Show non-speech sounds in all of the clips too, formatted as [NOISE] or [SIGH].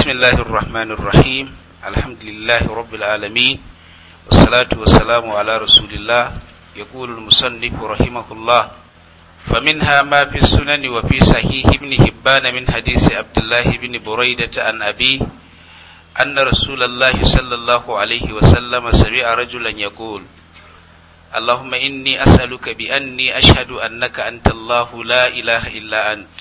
بسم الله الرحمن الرحيم الحمد لله رب العالمين والصلاة والسلام على رسول الله يقول المصنف رحمه الله فمنها ما في السنن وفي صحيح ابن هبان من حديث عبد الله بن بريدة عن أبيه أن رسول الله صلى الله عليه وسلم سمع رجلا يقول اللهم إني أسألك بأني أشهد أنك أنت الله لا إله إلا أنت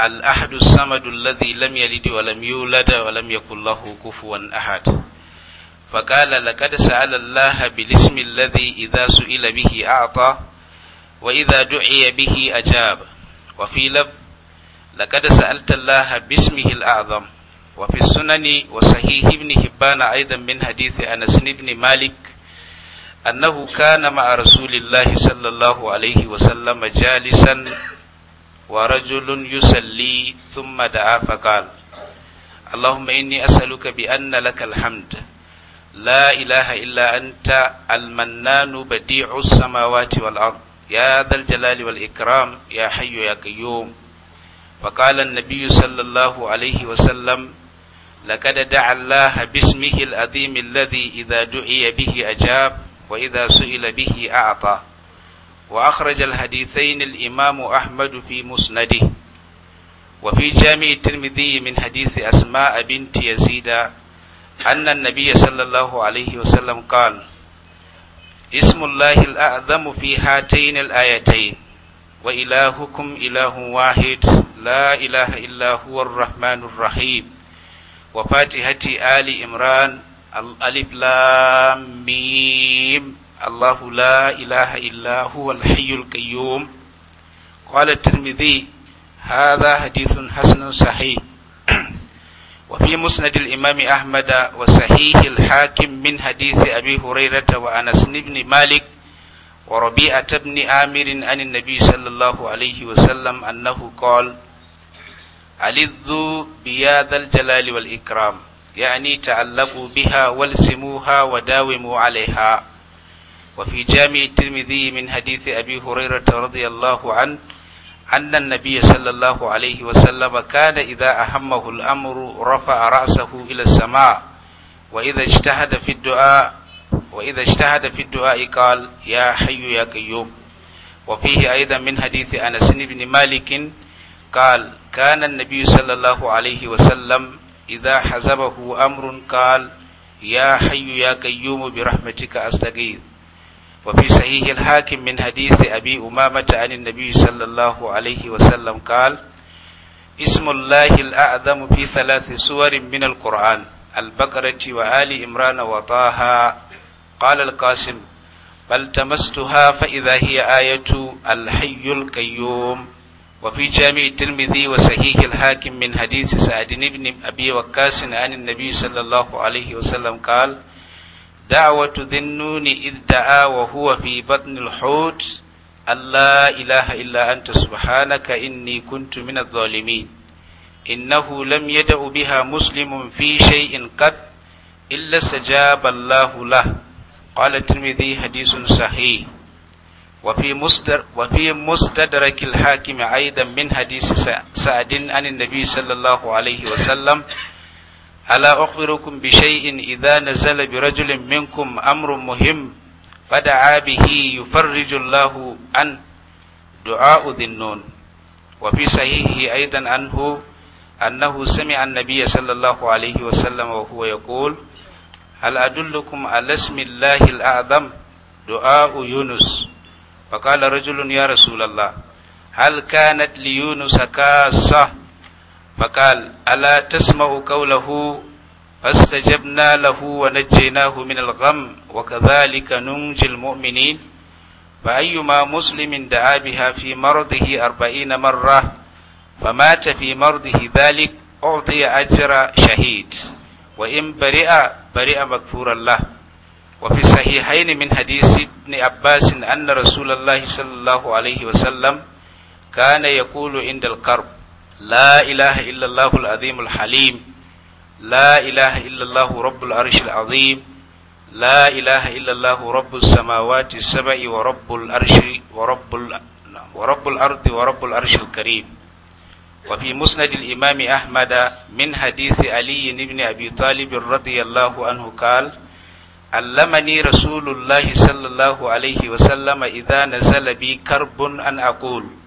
الأحد الصمد الذي لم يلد ولم يولد ولم يكن له كفوا أحد فقال لقد سأل الله بالاسم الذي إذا سئل به أعطى وإذا دعي به أجاب وفي لب لقد سألت الله باسمه الأعظم وفي السنن وصحيح ابن حبان أيضا من حديث أنس بن مالك أنه كان مع رسول الله صلى الله عليه وسلم جالسا ورجل يصلي ثم دعا فقال اللهم إني أسألك بأن لك الحمد لا إله إلا أنت المنان بديع السماوات والأرض يا ذا الجلال والإكرام يا حي يا قيوم فقال النبي صلى الله عليه وسلم لقد دعا الله باسمه العظيم الذي إذا دعي به أجاب وإذا سئل به أعطى وأخرج الحديثين الإمام أحمد في مسنده وفي جامع الترمذي من حديث أسماء بنت يزيد أن النبي صلى الله عليه وسلم قال اسم الله الأعظم في هاتين الآيتين وإلهكم إله واحد لا إله إلا هو الرحمن الرحيم وفاتحة آل إمران الألف لام ميم الله لا إله إلا هو الحي القيوم قال الترمذي هذا حديث حسن صحيح وفي مسند الإمام أحمد وصحيح الحاكم من حديث أبي هريرة وأنس بن مالك وربيعة بن عامر عن النبي صلى الله عليه وسلم أنه قال ألذوا بيا ذا الجلال والإكرام يعني تعلقوا بها والزموها وداوموا عليها وفي جامع الترمذي من حديث أبي هريرة رضي الله عنه أن النبي صلى الله عليه وسلم كان إذا أهمه الأمر رفع رأسه إلى السماء وإذا اجتهد في الدعاء وإذا اجتهد في الدعاء قال يا حي يا قيوم وفيه أيضا من حديث أنس بن مالك قال كان النبي صلى الله عليه وسلم إذا حزبه أمر قال يا حي يا قيوم برحمتك أستغيث وفي صحيح الحاكم من حديث أبي أمامة عن النبي صلى الله عليه وسلم قال اسم الله الأعظم في ثلاث سور من القرآن البقرة وآل إمران وطه قال القاسم فالتمستها فإذا هي آية الحي القيوم وفي جامع الترمذي وصحيح الحاكم من حديث سعد بن أبي وقاص عن النبي صلى الله عليه وسلم قال دعوة ذي النون إذ دعا وهو في بطن الحوت الله إله إلا أنت سبحانك إني كنت من الظالمين إنه لم يدع بها مسلم في شيء قد إلا استجاب الله له قال الترمذي حديث صحيح وفي مصدر وفي مستدرك الحاكم أيضا من حديث سعد عن النبي صلى الله عليه وسلم ألا أخبركم بشيء إذا نزل برجل منكم أمر مهم فدعا به يفرج الله عن دعاء ذي النون وفي صحيحه أيضا عنه أنه سمع النبي صلى الله عليه وسلم وهو يقول هل أدلكم على اسم الله الأعظم دعاء يونس فقال رجل يا رسول الله هل كانت ليونس كاسة فقال ألا تسمع قوله فاستجبنا له ونجيناه من الغم وكذلك ننجي المؤمنين فأيما مسلم دعا بها في مرضه أربعين مرة فمات في مرضه ذلك أعطي أجر شهيد وإن برئ برئ مغفورا له وفي الصحيحين من حديث ابن عباس أن رسول الله صلى الله عليه وسلم كان يقول عند القرب لا إله إلا الله العظيم الحليم لا إله إلا الله رب العرش العظيم لا إله إلا الله رب السماوات السبع ورب العرش ورب ال... ورب الأرض ورب العرش الكريم وفي مسند الإمام أحمد من حديث علي بن أبي طالب رضي الله عنه قال علمني رسول الله صلى الله عليه وسلم إذا نزل بي كرب أن أقول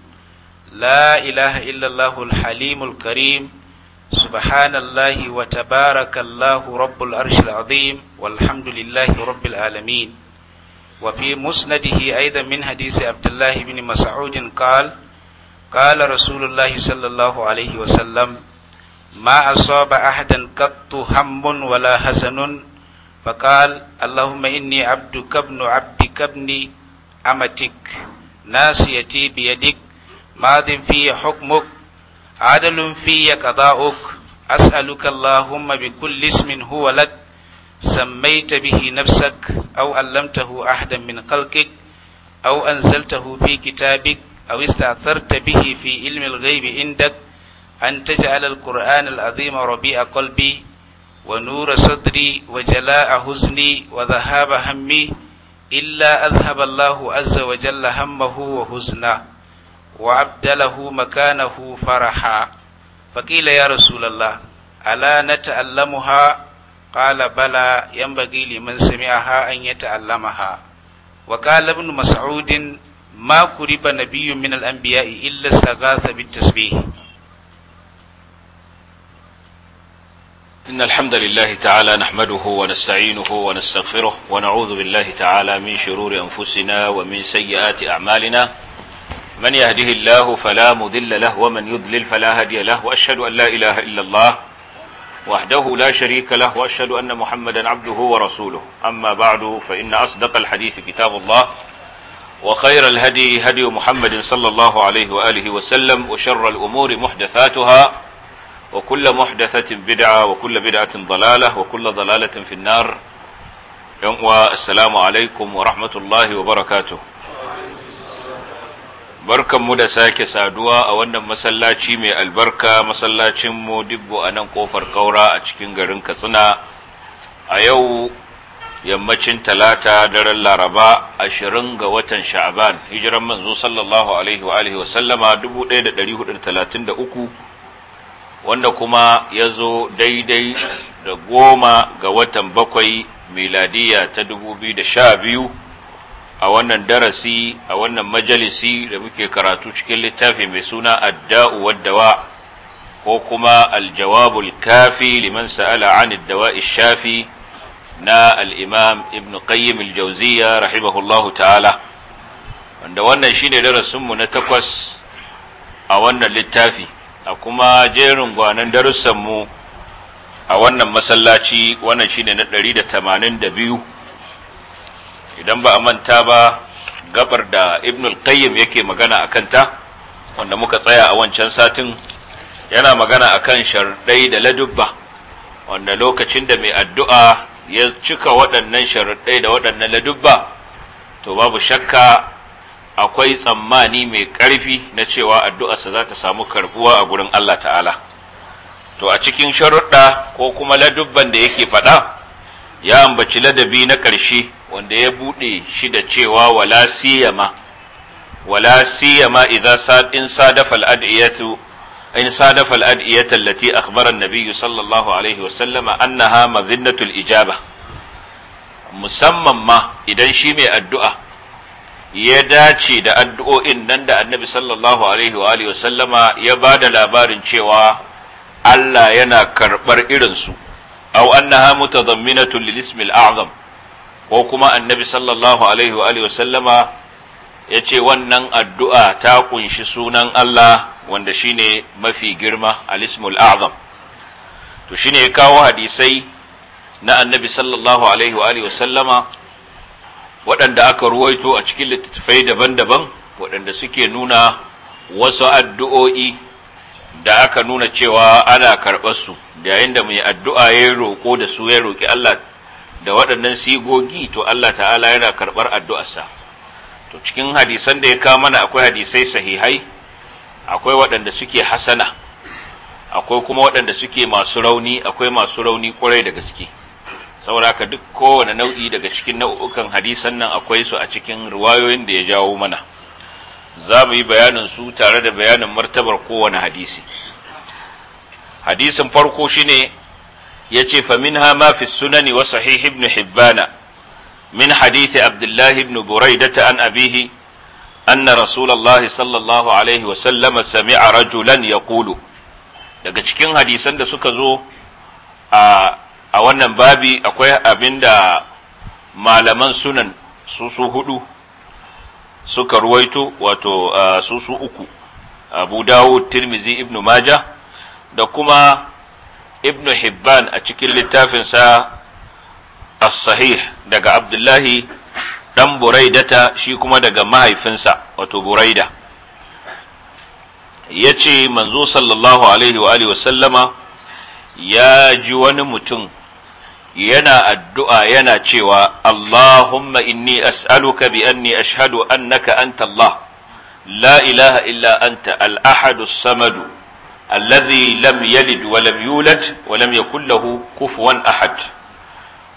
لا إله إلا الله الحليم الكريم سبحان الله وتبارك الله رب العرش العظيم والحمد لله رب العالمين وفي مسنده أيضا من حديث عبد الله بن مسعود قال قال رسول الله صلى الله عليه وسلم ما أصاب أحدا قط هم ولا حسن فقال اللهم إني عبدك ابن عبدك ابن أمتك ناسيتي بيدك madin fiye hukmuk adalun fiye kaza'uk as'aluka allahumma bi kulli ismin huwa lak sammaita bihi nafsak aw allamtahu ahdan min khalqik aw anzaltahu fi kitabik aw istatharta bihi fi ilmin al-ghaibi indak an taj'al al-qur'an al-azim rabi'a qalbi wa nura sadri wa jala'a huzni wa hammi illa adhhab allahu azza wa jalla hammahu wa وأبدله مكانه فرحا فقيل يا رسول الله ألا نتألمها قال بلى ينبغي لمن سمعها أن يتألمها وقال ابن مسعود ما قرب نبي من الأنبياء إلا استغاث بالتسبيح إن الحمد لله تعالى نحمده ونستعينه ونستغفره ونعوذ بالله تعالى من شرور أنفسنا ومن سيئات أعمالنا من يهده الله فلا مضل له ومن يضلل فلا هدي له واشهد ان لا اله الا الله وحده لا شريك له واشهد ان محمدا عبده ورسوله اما بعد فان اصدق الحديث كتاب الله وخير الهدي هدي محمد صلى الله عليه واله وسلم وشر الامور محدثاتها وكل محدثه بدعه وكل بدعه ضلاله وكل ضلاله في النار السلام عليكم ورحمه الله وبركاته mu da sake saduwa a wannan masallaci mai albarka masallacin dubbo a nan kofar kaura a cikin garin katsina a yau yammacin talata daren laraba ashirin ga watan sha'aban hijiran manzo sallallahu alaihi wa alihi wasallama 1433 wanda kuma ya zo daidai da goma ga watan bakwai miladiya ta biyu. a wannan darasi a wannan majalisi da muke karatu cikin littafi mai suna adda'u waddawa ko kuma aljawabul kafi liman sa'ala an dawa'i shafi na al-imam ibn qayyim al rahimahullahu ta'ala wanda wannan shine darasin mu na takwas a wannan littafi a kuma jerin gwanan darussan mu a wannan masallaci wannan ne na 182 idan ba a manta ba gabar da ibnul qayyim yake magana a kanta wanda muka tsaya a wancan satin yana magana a kan sharuɗai da ladubba wanda lokacin da mai addu'a ya cika waɗannan sharuɗai da waɗannan ladubba to babu shakka akwai tsammani mai ƙarfi na cewa addu'arsa za ta samu karbuwa a gurin Allah ta'ala to a cikin sharuɗa ko kuma ladubban da yake faɗa ya ambaci ladabi na ƙarshe wanda ya buɗe shi da cewa wala siyama wala siyama idza sad in sadafa al in sadafa allati akhbara an-nabiy sallallahu alaihi wa sallama annaha madhinnatu al-ijaba musamman ma idan shi mai addu'a ya dace da addu'o'in nan da annabi sallallahu alaihi wa wa sallama ya bada labarin cewa Allah yana karɓar irinsu su aw annaha mutadamminatun lil ism al a'zam ko kuma annabi sallallahu alaihi wa alihi wasallama yace wannan addu'a ta ƙunshi sunan Allah wanda shine mafi girma al ism al to shine ya kawo hadisai na annabi sallallahu alaihi wa alihi waɗanda aka ruwaito a cikin littattafai daban-daban waɗanda suke nuna wasu addu'o'i da aka nuna cewa ana karɓar su yayin da mai addu'a ya roƙo da su ya roƙi Allah da waɗannan sigogi to Allah ta'ala yana karɓar addu'arsa to cikin hadisan da ya ka mana akwai hadisai sahihai akwai waɗanda suke hasana akwai kuma waɗanda suke masu rauni akwai masu rauni ƙwarai da gaske saboda duk kowane nau'i daga cikin nau'ukan hadisan nan akwai su a cikin riwayoyin da ya jawo mana za mu yi bayanin su tare da bayanin martabar kowane hadisi hadisin farko shine ya ce faminha ma fi sunani wa sahih ibn hibbana min hadithi abdullahi ibn buraidata an abihi anna rasulallahi sallallahu alaihi wasallama sami'a rajulan ya kulu daga cikin hadisan da suka zo a wannan babi akwai abinda malaman sunan su su hudu suka ruwaito wato su su uku abu dawud tirmizi ibn maja da kuma ibn hibban a cikin littafinsa as-sahih daga abdullahi dan buraidata shi kuma daga mahaifinsa wato buraida ya ce manzo sallallahu alaihi wa sallama ya ji wani mutum yana addu'a yana cewa Allahumma inni as'aluka bi anni ashhadu annaka anta Allah la ilaha illa anta al-ahadu samadu alladhi lam yalid wa lam yulad wa lam yakul lahu kufuwan ahad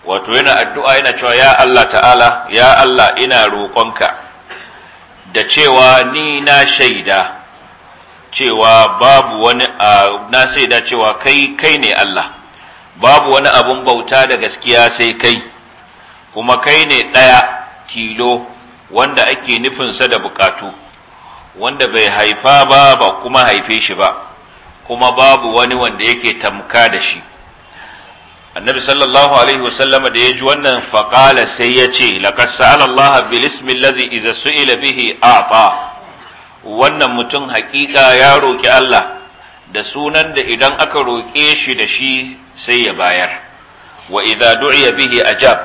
wato yana addu'a yana cewa ya Allah ta'ala ya Allah ina roƙonka da cewa ni na shaida cewa babu wani na shaida cewa kai kai ne Allah babu wani abun bauta da gaskiya sai kai kuma kai ne ɗaya tilo wanda ake nufinsa da bukatu wanda bai haifa ba ba kuma haife shi ba kuma babu wani wanda yake tamka da shi annabi sallallahu alaihi wasallama da ya ji wannan faƙala sai ya ce laqad sa'ala Allah bil ismi su'ila bihi a'ta wannan mutum haƙiƙa ya roki Allah da sunan da idan aka roƙe shi da shi sai ya bayar wa idza du'iya bihi ajab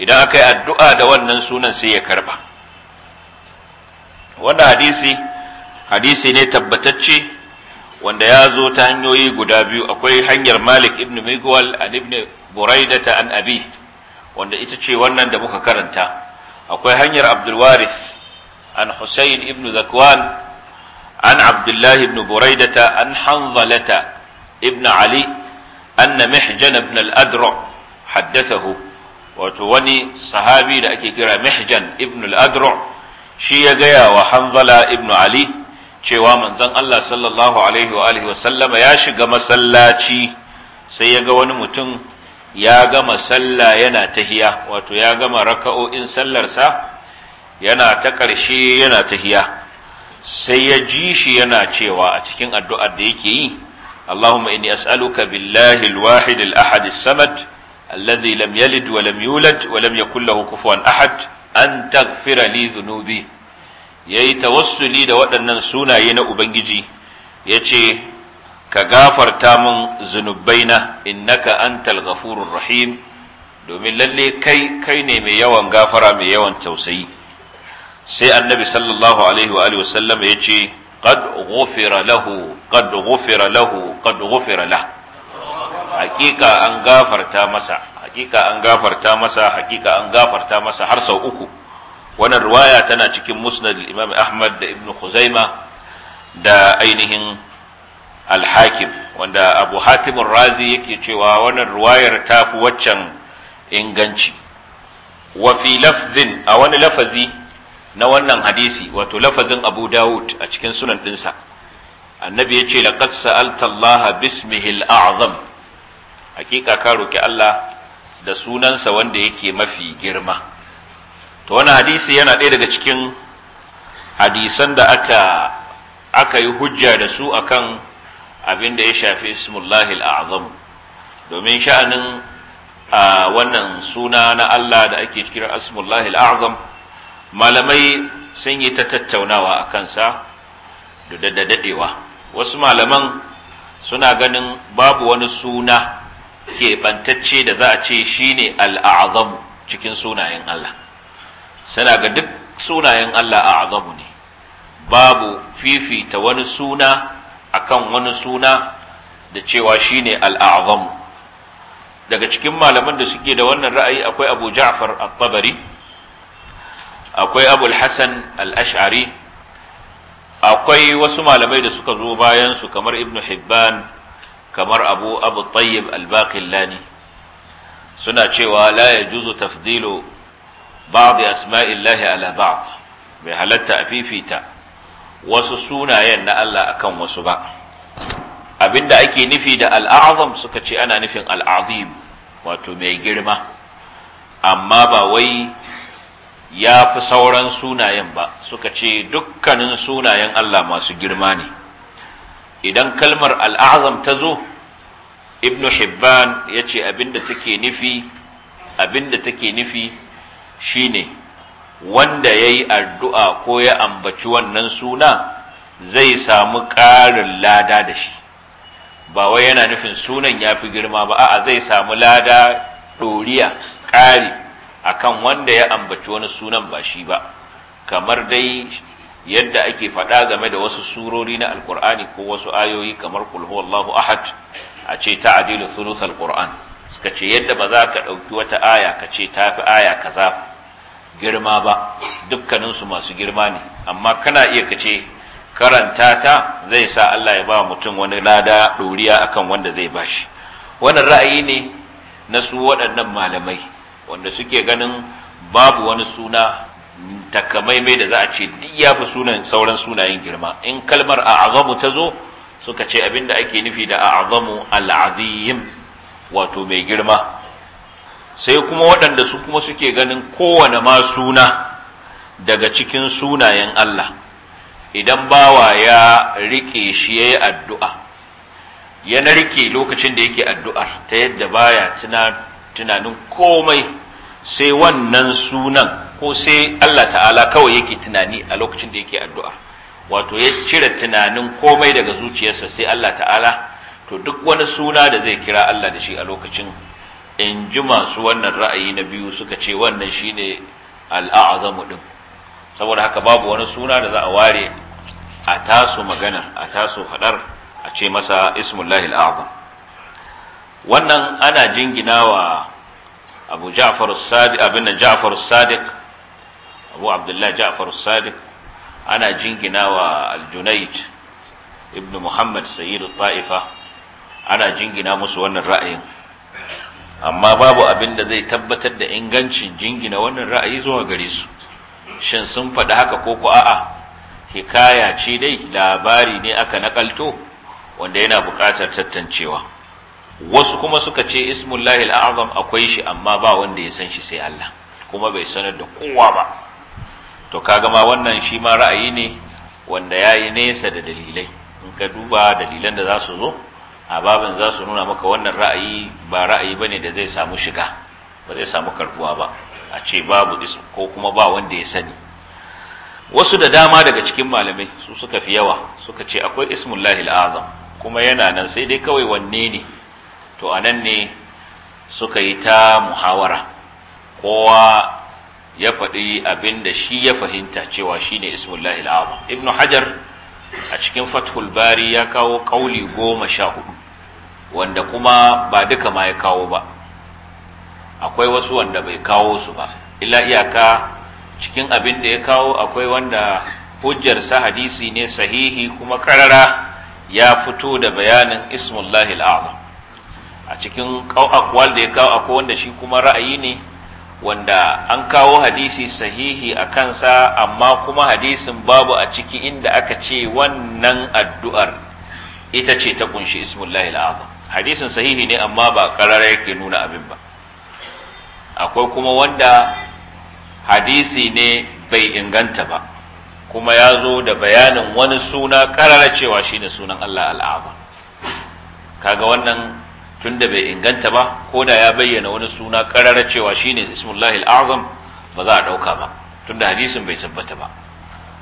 idan aka yi addu'a da wannan sunan sai ya karba wannan hadisi hadisi ne tabbatacce wanda ya zo ta hanyoyi guda biyu akwai hanyar Malik ibn Migwal an ibn Buraidata an Abi wanda ita ce wannan da muka karanta akwai hanyar Abdul an Husayn ibn Zakwan an Abdullahi ibn buraidata an hanzalata ibn ali anna mihjan ibn al-adra haddathahu wato wani sahabi da ake kira mihjan ibn al-adra shi ya gaya wa hanzala ibn ali cewa manzon Allah sallallahu ya shiga masallaci sai ya ga wani mutum ya gama sallah yana tahiya wato ya gama raka'o'in sallarsa yana ta ƙarshe yana tahiya sai ya ji shi yana cewa a cikin addu'ar da yake yi Allahumma inni as'aluka billahi al-wahid al-ahad samad alladhi lam yalid wa lam yulad wa lam yakul lahu kufuwan ahad an taghfira li dhunubi yayi tawassuli da waɗannan sunaye na ubangiji yace ka gafarta min zunubaina innaka antal ghafurur rahim domin lalle kai kai ne mai yawan gafara mai yawan tausayi sai annabi sallallahu alaihi wa ya ce qad ghufira lahu qad ghufira lahu qad ghufira la hakika an gafarta masa hakika an gafarta masa hakika an gafarta masa har sau uku wannan riwaya tana cikin musnad imam ahmad da ibnu khuzaima da ainihin al-hakim wanda abu hatim razi yake cewa wannan riwayar fi waccan inganci wa fi lafzin a wani lafazi na wannan hadisi wato lafazin abu dawud a cikin sunan ɗinsa annabi ya ce laqad sa'alta allaha bismihi al'azam hakika ka roki allah da sunansa wanda yake mafi girma to wannan hadisi yana ɗaya daga cikin hadisan da aka aka yi hujja da su akan abin da ya shafi ismullahi al'azam domin sha'anin wannan suna na Allah da ake kira ismullahi al'azam malamai sun yi ta tattaunawa a kansa da daɗewa wasu malaman suna ganin babu wani suna keɓantacce da za a ce shi ne al'azamu cikin sunayen Allah suna ga duk sunayen Allah azamu ne babu fifita wani suna akan wani suna da cewa shi ne al'azamu daga cikin malaman da suke da wannan ra'ayi akwai abu ja'far al-tabari akwai abul al-ash'ari akwai wasu malamai da suka zo bayan su kamar ibnu hibban kamar abu abu tayyib al suna cewa la yajuzu tafdilu ba'd asma'illahi ala ba'd bai halatta a fifita wasu sunayen na Allah akan wasu ba abinda ake nufi da al'azam suka ce ana nufin al'azim wato mai girma amma ba wai ya fi sauran sunayen ba suka ce dukkanin sunayen Allah masu girma ne idan kalmar al'azam ta zo ibnu hibban ya ce abinda take nufi abinda take nufi shine wanda ya yi addu'a ko ya ambaci wannan suna zai samu ƙarin lada da shi ba wai yana nufin sunan ya fi girma ba a'a zai samu lada ɗoriya ƙari akan wanda ya ambaci wani sunan ba shi ba kamar dai yadda ake faɗa game da wasu surori na alkur'ani ko wasu ayoyi kamar kul huwallahu ahad a ce ta adilu thuluth alquran suka ce yadda ba za ka ɗauki wata aya ka ce ta fi aya kaza girma ba dukkaninsu masu girma ne amma kana iya ka ce karanta ta zai sa Allah ya ba mutum wani lada ɗoriya akan wanda zai ba shi. wannan ra'ayi ne na su waɗannan malamai wanda suke ganin babu wani suna takamaimai da za a ce duk ya fi sunan sauran sunayen girma in kalmar a'azamu ta zo suka ce abinda ake nufi da a'azamu al'azim wato mai girma sai kuma waɗanda su kuma suke ganin kowane ma suna daga cikin sunayen Allah idan bawa ya riƙe shi ya yi addu'a yana riƙe lokacin da yake addu'ar ta yadda baya tuna tunanin komai sai wannan sunan ko sai Allah ta'ala kawai yake tunani a lokacin da yake addu'a wato ya cire tunanin komai daga zuciyarsa sai Allah ta'ala to duk wani suna da zai kira Allah da shi a lokacin in ji masu wannan ra'ayi na biyu suka ce wannan shi shine al'azamu ɗin saboda haka babu wani suna da za a ware a taso maganar a taso haɗar, a ce masa ismullahi al'azam wannan ana jingina wa abu ja'far sadiq abin ja'far sadiq abu abdullah ja'far sadiq ana jingina wa al-junayd ibn muhammad sayyid ta'ifa ana jingina musu wannan ra'ayin amma babu abin da zai tabbatar da ingancin jingina wannan ra'ayi zuwa gare su shin sun faɗi haka ko ku a'a hikaya ce dai labari ne aka nakalto wanda yana buƙatar tantancewa wasu kuma suka ce ismullahi al'azam akwai shi amma ba wanda ya san shi sai Allah kuma bai sanar da kowa ba to kaga ma wannan shi ma ra'ayi ne wanda yayi nesa da dalilai in ka duba dalilan da za su zo a babin za su nuna maka wannan ra'ayi ba ra'ayi bane da zai samu shiga ba zai samu karbuwa ba a ce babu ko kuma ba wanda ya sani wasu da dama daga cikin malamai su suka fi yawa suka ce akwai ismullahi al'azam kuma yana nan sai dai kawai wanne ne to anan ne suka yi ta muhawara kowa ya faɗi abin da shi ya fahimta cewa shi ne ismullahi al'azam Ibn hajar a cikin fathul bari ya kawo ƙauli goma sha hudu wanda kuma ba duka ma ya kawo ba akwai wasu wanda bai kawo su ba illa iyaka cikin abin da ya kawo akwai wanda hujjarsa hadisi ne sahihi kuma karara ya fito da bayanin ismullahi al'azam a cikin akwal da ya kawo akwai wanda shi kuma ra'ayi ne wanda an kawo hadisi sahihi a kansa amma kuma hadisin babu a ciki inda aka ce wannan addu'ar ita ce ta kunshi ismullahi al'azam hadisin sahihi ne amma ba karara yake nuna abin ba akwai kuma wanda hadisi ne bai inganta ba kuma ya zo da bayanin wani suna karara cewa shi ne sunan Allah al'azam kaga wannan tunda bai inganta ba ko da ya bayyana wani suna karara cewa shine ismullahi al'azam ba za a dauka ba tunda hadisin bai tabbata ba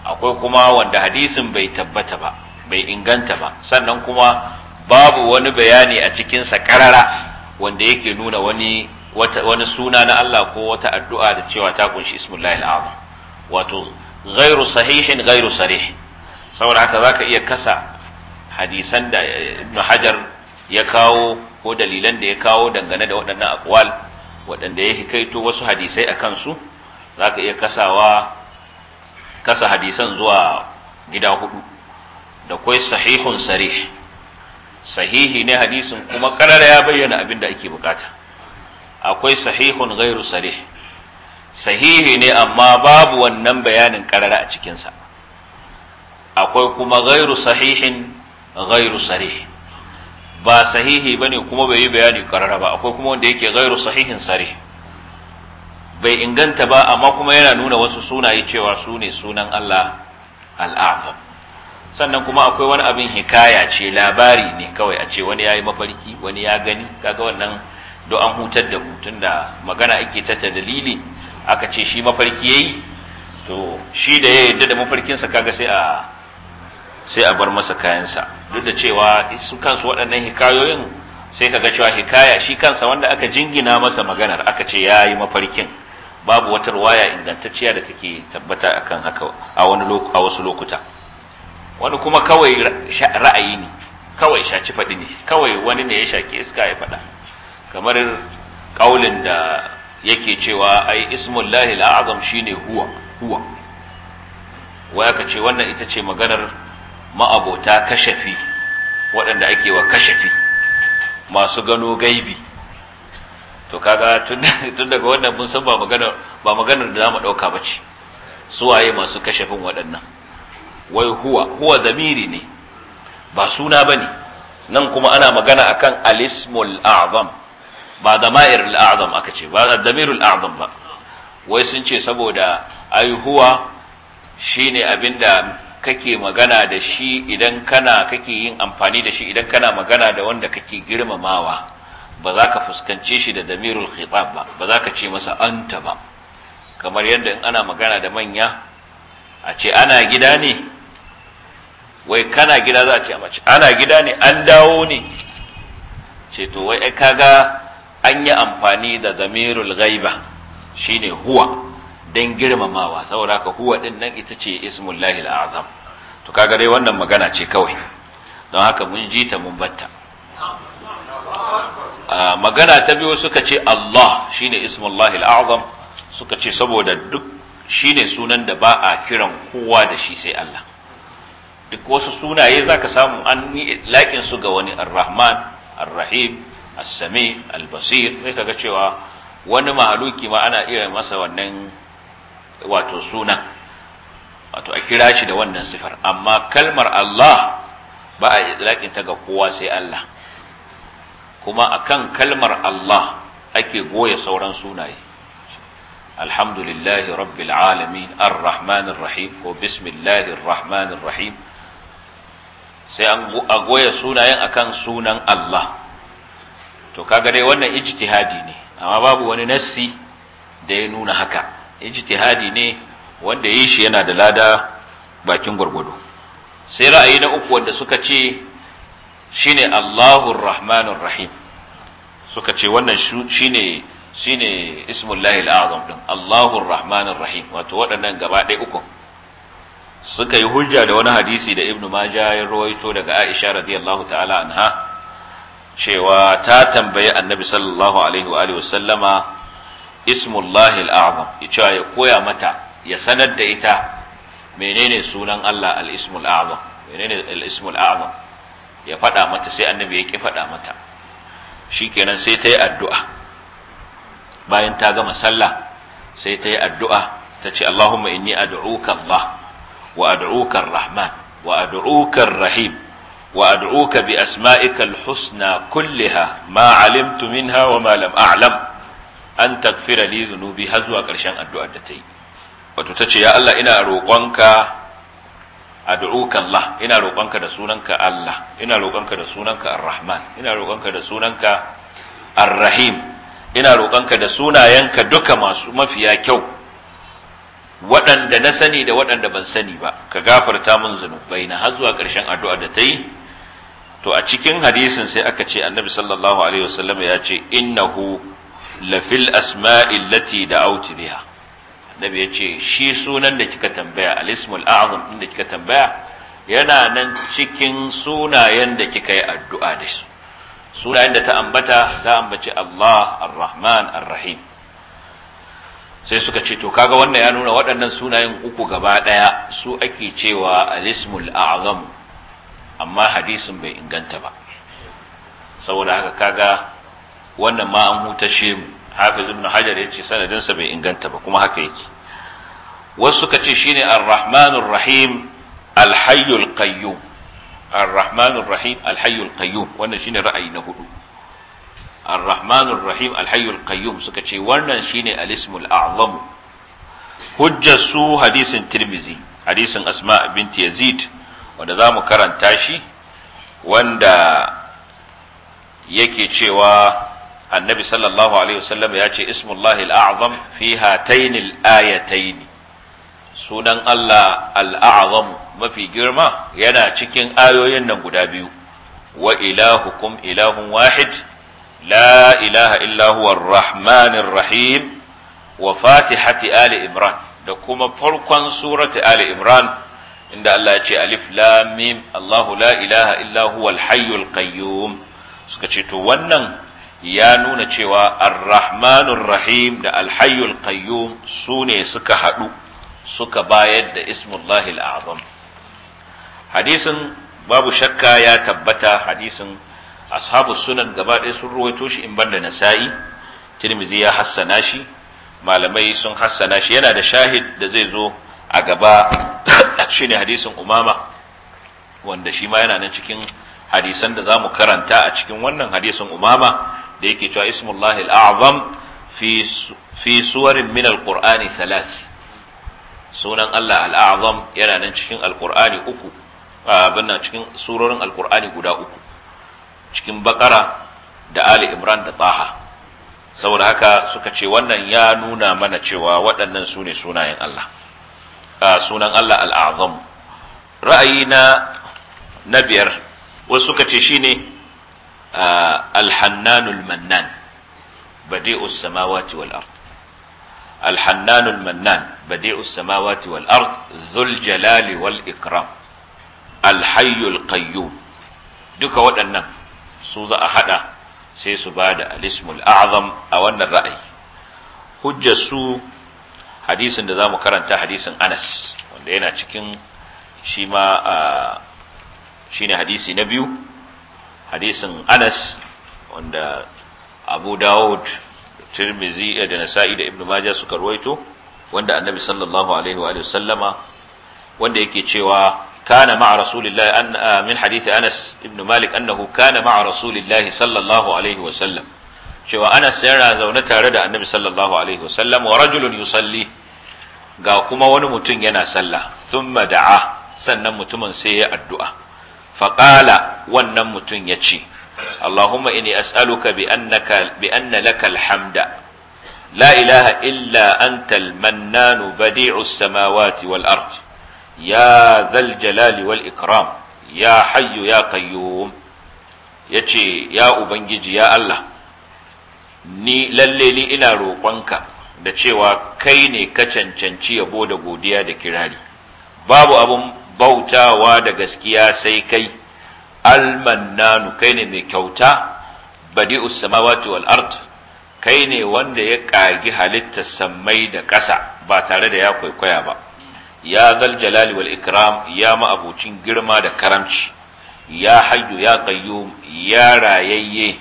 akwai kuma wanda hadisin bai tabbata ba bai inganta ba sannan kuma babu wani bayani a cikin sa karara wanda yake nuna wani wani suna na Allah ko wata addu'a da cewa ta kunshi ismullahi al'azam wato ghairu sahihin ghairu sarih saboda haka zaka iya kasa hadisan da Ibn Hajar ya kawo ko dalilan da ya kawo dangane da waɗannan akwal waɗanda ya hikaito wasu hadisai a kansu za ka iya kasawa kasa hadisan zuwa gida hudu da kwai sahihun sarih sahihi ne hadisin kuma karara ya bayyana abin da ake bukata akwai sahihun gairu sarih sahihi ne amma babu wannan bayanin karara a cikinsa akwai kuma gairu sahihin gairu sarih ba sahihi bane kuma bai yi bayani karara ba akwai kuma wanda yake gairu sahihin sare bai inganta ba amma kuma yana nuna wasu sunaye cewa su ne sunan Allah al'azam sannan kuma akwai wani abin hikaya ce labari ne kawai a ce wani ya yi mafarki wani ya gani kaga wannan do an hutar da mu tunda magana ake ta dalili aka ce shi mafarki yayi to shi da ya yarda da mafarkinsa kaga sai a sai a bar masa kayansa duk da cewa su kansu waɗannan hikayoyin sai ka ga cewa hikaya shi kansa wanda aka jingina masa maganar aka ce ya yi mafarkin babu wata ruwaya ingantacciya da take tabbata akan haka a wani a wasu lokuta wani kuma kawai ra'ayi ne kawai shaci faɗi ne kawai wani ne ya shaki iska ya faɗa kamar ƙaulin da yake cewa ai ismullahi la'azam shine huwa huwa wai aka ce wannan ita ce maganar ma'abota kashafi waɗanda ake wa kashafi masu gano gaibi to kaga tun [LAUGHS] daga wannan mun san ba maganar da za da zamu ba ce. su waye masu kashafin waɗannan wai huwa huwa zamiri ne ba suna ba ne. nan kuma ana magana akan alismul a'zam ba ma'ir al'azam aka ce ba da damirul a'zam ba wai sun ce saboda ai huwa shine da. kake magana da shi idan kana kake yin amfani da shi idan kana magana da wanda kake girmamawa ba za ka fuskance shi da damirul khitab ba ba za ka ce masa anta ba kamar yadda in ana magana da manya a ce ana gida ne wai kana gida za a ce mace ana gida ne an dawo ne ce to wai kaga an yi amfani da damirul ghaiba shine huwa don girmamawa saboda ka huwa din nan ita ce ismullahi azam to kaga dai wannan magana ce kawai don haka mun ji ta mun batta magana ta biyu suka ce Allah shine ismullahi azam suka ce saboda duk shine sunan da ba a kiran kowa da shi sai Allah duk wasu sunaye zaka samu an yi laƙin su ga wani ar-rahman ar-rahim as-sami al-basir sai kaga cewa wani mahaluki ma ana iya masa wannan wato sunan wato a kira shi da wannan sifar amma kalmar Allah ba a idlaƙin ga kowa sai Allah kuma akan kalmar Allah ake goya sauran sunaye alhamdulillahi rabbil alamin rahmanir rahim ko bismillahir rahmanir rahim sai an goya sunayen akan sunan Allah to kaga dai wannan ijtihadi ne amma babu wani nassi da ya nuna haka ijtihadi ne wanda yi shi yana da lada bakin gwargwado sai ra'ayi na uku wanda suka ce shine Allahur Rahmanur Rahim suka ce wannan shine shine ismullahi al'azam din Allahur Rahmanur Rahim wato waɗannan gaba ɗaya uku suka yi hujja da wani hadisi da Ibn Majah ya rawaito daga Aisha radiyallahu ta'ala anha cewa ta tambayi Annabi sallallahu alaihi wa alihi wasallama ismullahi al'azam ya cewa ya koya mata ya sanar da ita menene sunan Allah al-ismul a'zam menene al-ismul ya faɗa mata sai annabi ya ki faɗa mata Shi kenan sai ta yi addu'a bayan ta gama sallah sai ta yi addu'a ta ce Allahumma inni ad'uka Allah wa ad'uka Rahman wa ad'uka Rahim wa ad'uka bi asma'ika al-husna kulliha ma 'alimtu minha wa ma lam a'lam an takfira li zunubi har zuwa ƙarshen addu'ar da ta yi wato ta ce ya Allah ina roƙonka ad'uka Allah ina roƙonka da sunanka Allah ina roƙonka da sunanka Ar-Rahman ina roƙonka da sunanka Ar-Rahim ina roƙonka da sunayenka duka masu mafiya kyau waɗanda na sani da waɗanda ban sani ba ka gafarta min zunubai na har zuwa ƙarshen addu'a da ta yi to a cikin hadisin sai aka ce annabi sallallahu alaihi wasallam ya ce innahu lafil Asma'il lati da auti biha annabi ya ce shi sunan da kika tambaya al-ismul a'zam din da kika tambaya yana nan cikin sunayen da kika yi addu'a da su sunayen da ta ambata ta ambaci Allah ar-Rahman ar-Rahim sai suka ce to kaga wannan ya nuna waɗannan sunayen uku gaba ɗaya su ake cewa al-ismul a'zam amma hadisin bai inganta ba saboda haka kaga wannan ma an hutashe mu hafiz ibn hajar yace sanadinsa bai inganta ba kuma haka yake wasu suka ce shine ar-rahmanur rahim al-hayyul qayyum ar-rahmanur rahim al-hayyul qayyum wannan shine ra'ayi na hudu ar-rahmanur rahim al-hayyul qayyum suka ce wannan shine al-ismul a'zam hujjar su hadisin tirmizi hadisin asma binti yazid wanda zamu karanta shi wanda yake cewa annabi sallallahu alaihi wasallam ya ce ismullahi al'azam fi hatayn al'ayatayn sunan Allah al'azam mafi girma yana cikin ayoyin nan guda biyu wa ilahukum ilahun wahid la ilaha illa huwa arrahmanir rahim wa fatihati ali imran da kuma farkon surati ali imran inda Allah ya ce alif lam mim Allahu la ilaha illa huwal hayyul qayyum suka ce to wannan ya nuna cewa ar rahim da al-hayyul qayyum ne suka hadu suka bayar da ismullahi al-azam hadisin babu shakka ya tabbata hadisin ashabu sunan gaba ɗaya sun ruwaito shi in banda nasa'i tirmizi ya hassana shi malamai sun hassana shi yana da shahid da zai zo a gaba [COUGHS] shine hadisin umama wanda shi ma yana nan cikin hadisan da za mu karanta a cikin wannan hadisin umama da yake cewa ismullahi al'azam fi suwarin min alqur'ani thalath sunan Allah al'azam yana nan cikin alqur'ani uku abin nan cikin surorin alqur'ani guda uku cikin Baƙara da ali imran da taha saboda haka suka ce wannan ya nuna mana cewa waɗannan su ne sunayen Allah sunan Allah al'azam ra'ayi na na biyar wasu suka ce shine alhannanul mannan badi'us samawati wal ard alhannanul mannan badi'us samawati wal ard jalali wal ikram alhayyul qayyum duka waɗannan su za a hada sai su bada alismul a'zam a wannan ra'ayi hujjar hadisin da zamu karanta hadisin Anas wanda yana cikin shi ma hadisi na biyu hadisin Anas wanda Abu Dawud Tirmizi da Nasa'i da Ibn Majah suka ruwaito wanda Annabi sallallahu alaihi wa sallama wanda yake cewa kana ma'a Rasulillahi an min hadisi Anas ibn Malik annahu kana ma'a Rasulillahi sallallahu alaihi wa sallam cewa Anas yana zaune tare da Annabi sallallahu alaihi wa sallam wa rajulun yusalli ga kuma wani mutum yana sallah thumma da'a sannan mutumin sai ya addu'a faƙala wannan mutum ya ce Allahumma inni as'aluka bi anna lakal la ilaha illa antal al-mannanu badi'us samawati wal ard ya dhal jalali wal ikram ya hayyu ya Ya ce ya ubangiji ya Allah ni lalle ni ina roƙonka da cewa kai ne ka cancanci yabo da godiya da kirari babu abun bautawa da gaskiya sai kai almannanu kai ne mai kyauta Badi uSama wal ard kai ne wanda ya kagi halittar sammai da ƙasa ba tare da ya kwaikwaya ba ya zal jalali wal ikram ya ma'abucin girma da karamci ya hayyu ya qayyum ya rayayye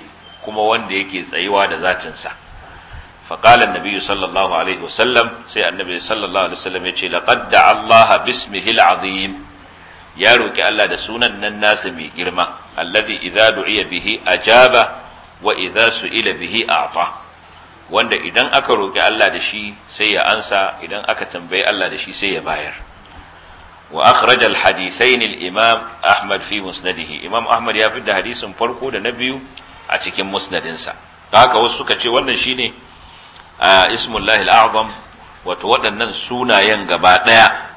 kuma wanda yake tsayuwa da zatinsa فقال النبي صلى الله عليه وسلم سي النبي صلى الله ya ce, يقول لقد دعا الله ya roki Allah da sunan nan nasa mai girma alladhi idza du'iya bihi ajaba wa idza su'ila bihi a'ta wanda idan aka roki Allah da shi sai ya ansa idan aka tambayi Allah da shi sai ya bayar wa akhraja al-hadithain al-imam Ahmad fi musnadihi imam Ahmad ya fi da hadisin farko da na biyu a cikin musnadinsa haka wasu suka ce wannan shine ismullahi al-a'zam wato waɗannan sunayen gaba ɗaya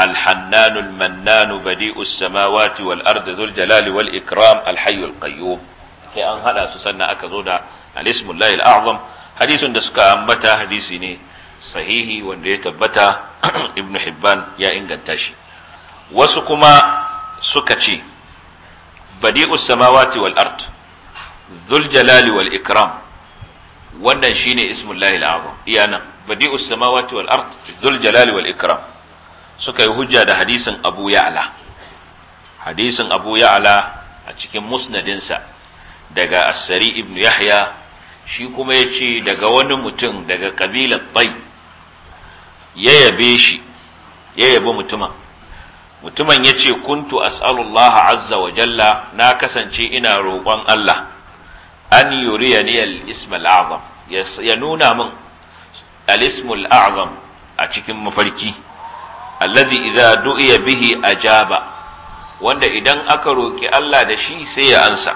الحنان المنان بديء السماوات والأرض ذو الجلال والإكرام الحي القيوم sai an haɗa su sannan aka zo da al-ismullahi al-azam hadisin da suka ambata hadisi ne sahihi wanda ya tabbata ibn hibban ya inganta shi wasu kuma suka ce badi'us samawati wal ard dhul jalali wal ikram wannan shine ismullahi al-azam badi'us samawati wal ard dhul jalali wal ikram suka yi hujja da hadisin abu ya'la hadisin abu ya'ala a cikin musnadinsa daga asari ibn yahya shi kuma ya ce daga wani mutum daga ƙabilar tsai ya yabe shi ya yabi mutumin mutumin ya ce kuntu as'alullah azza wa jalla na kasance ina roƙon allah an yuriya ni al-ismal azam ya nuna min al-ismul azam a cikin mafarki alladhi idza du'iya bihi ajaba wanda idan aka roki Allah da shi sai ya ansa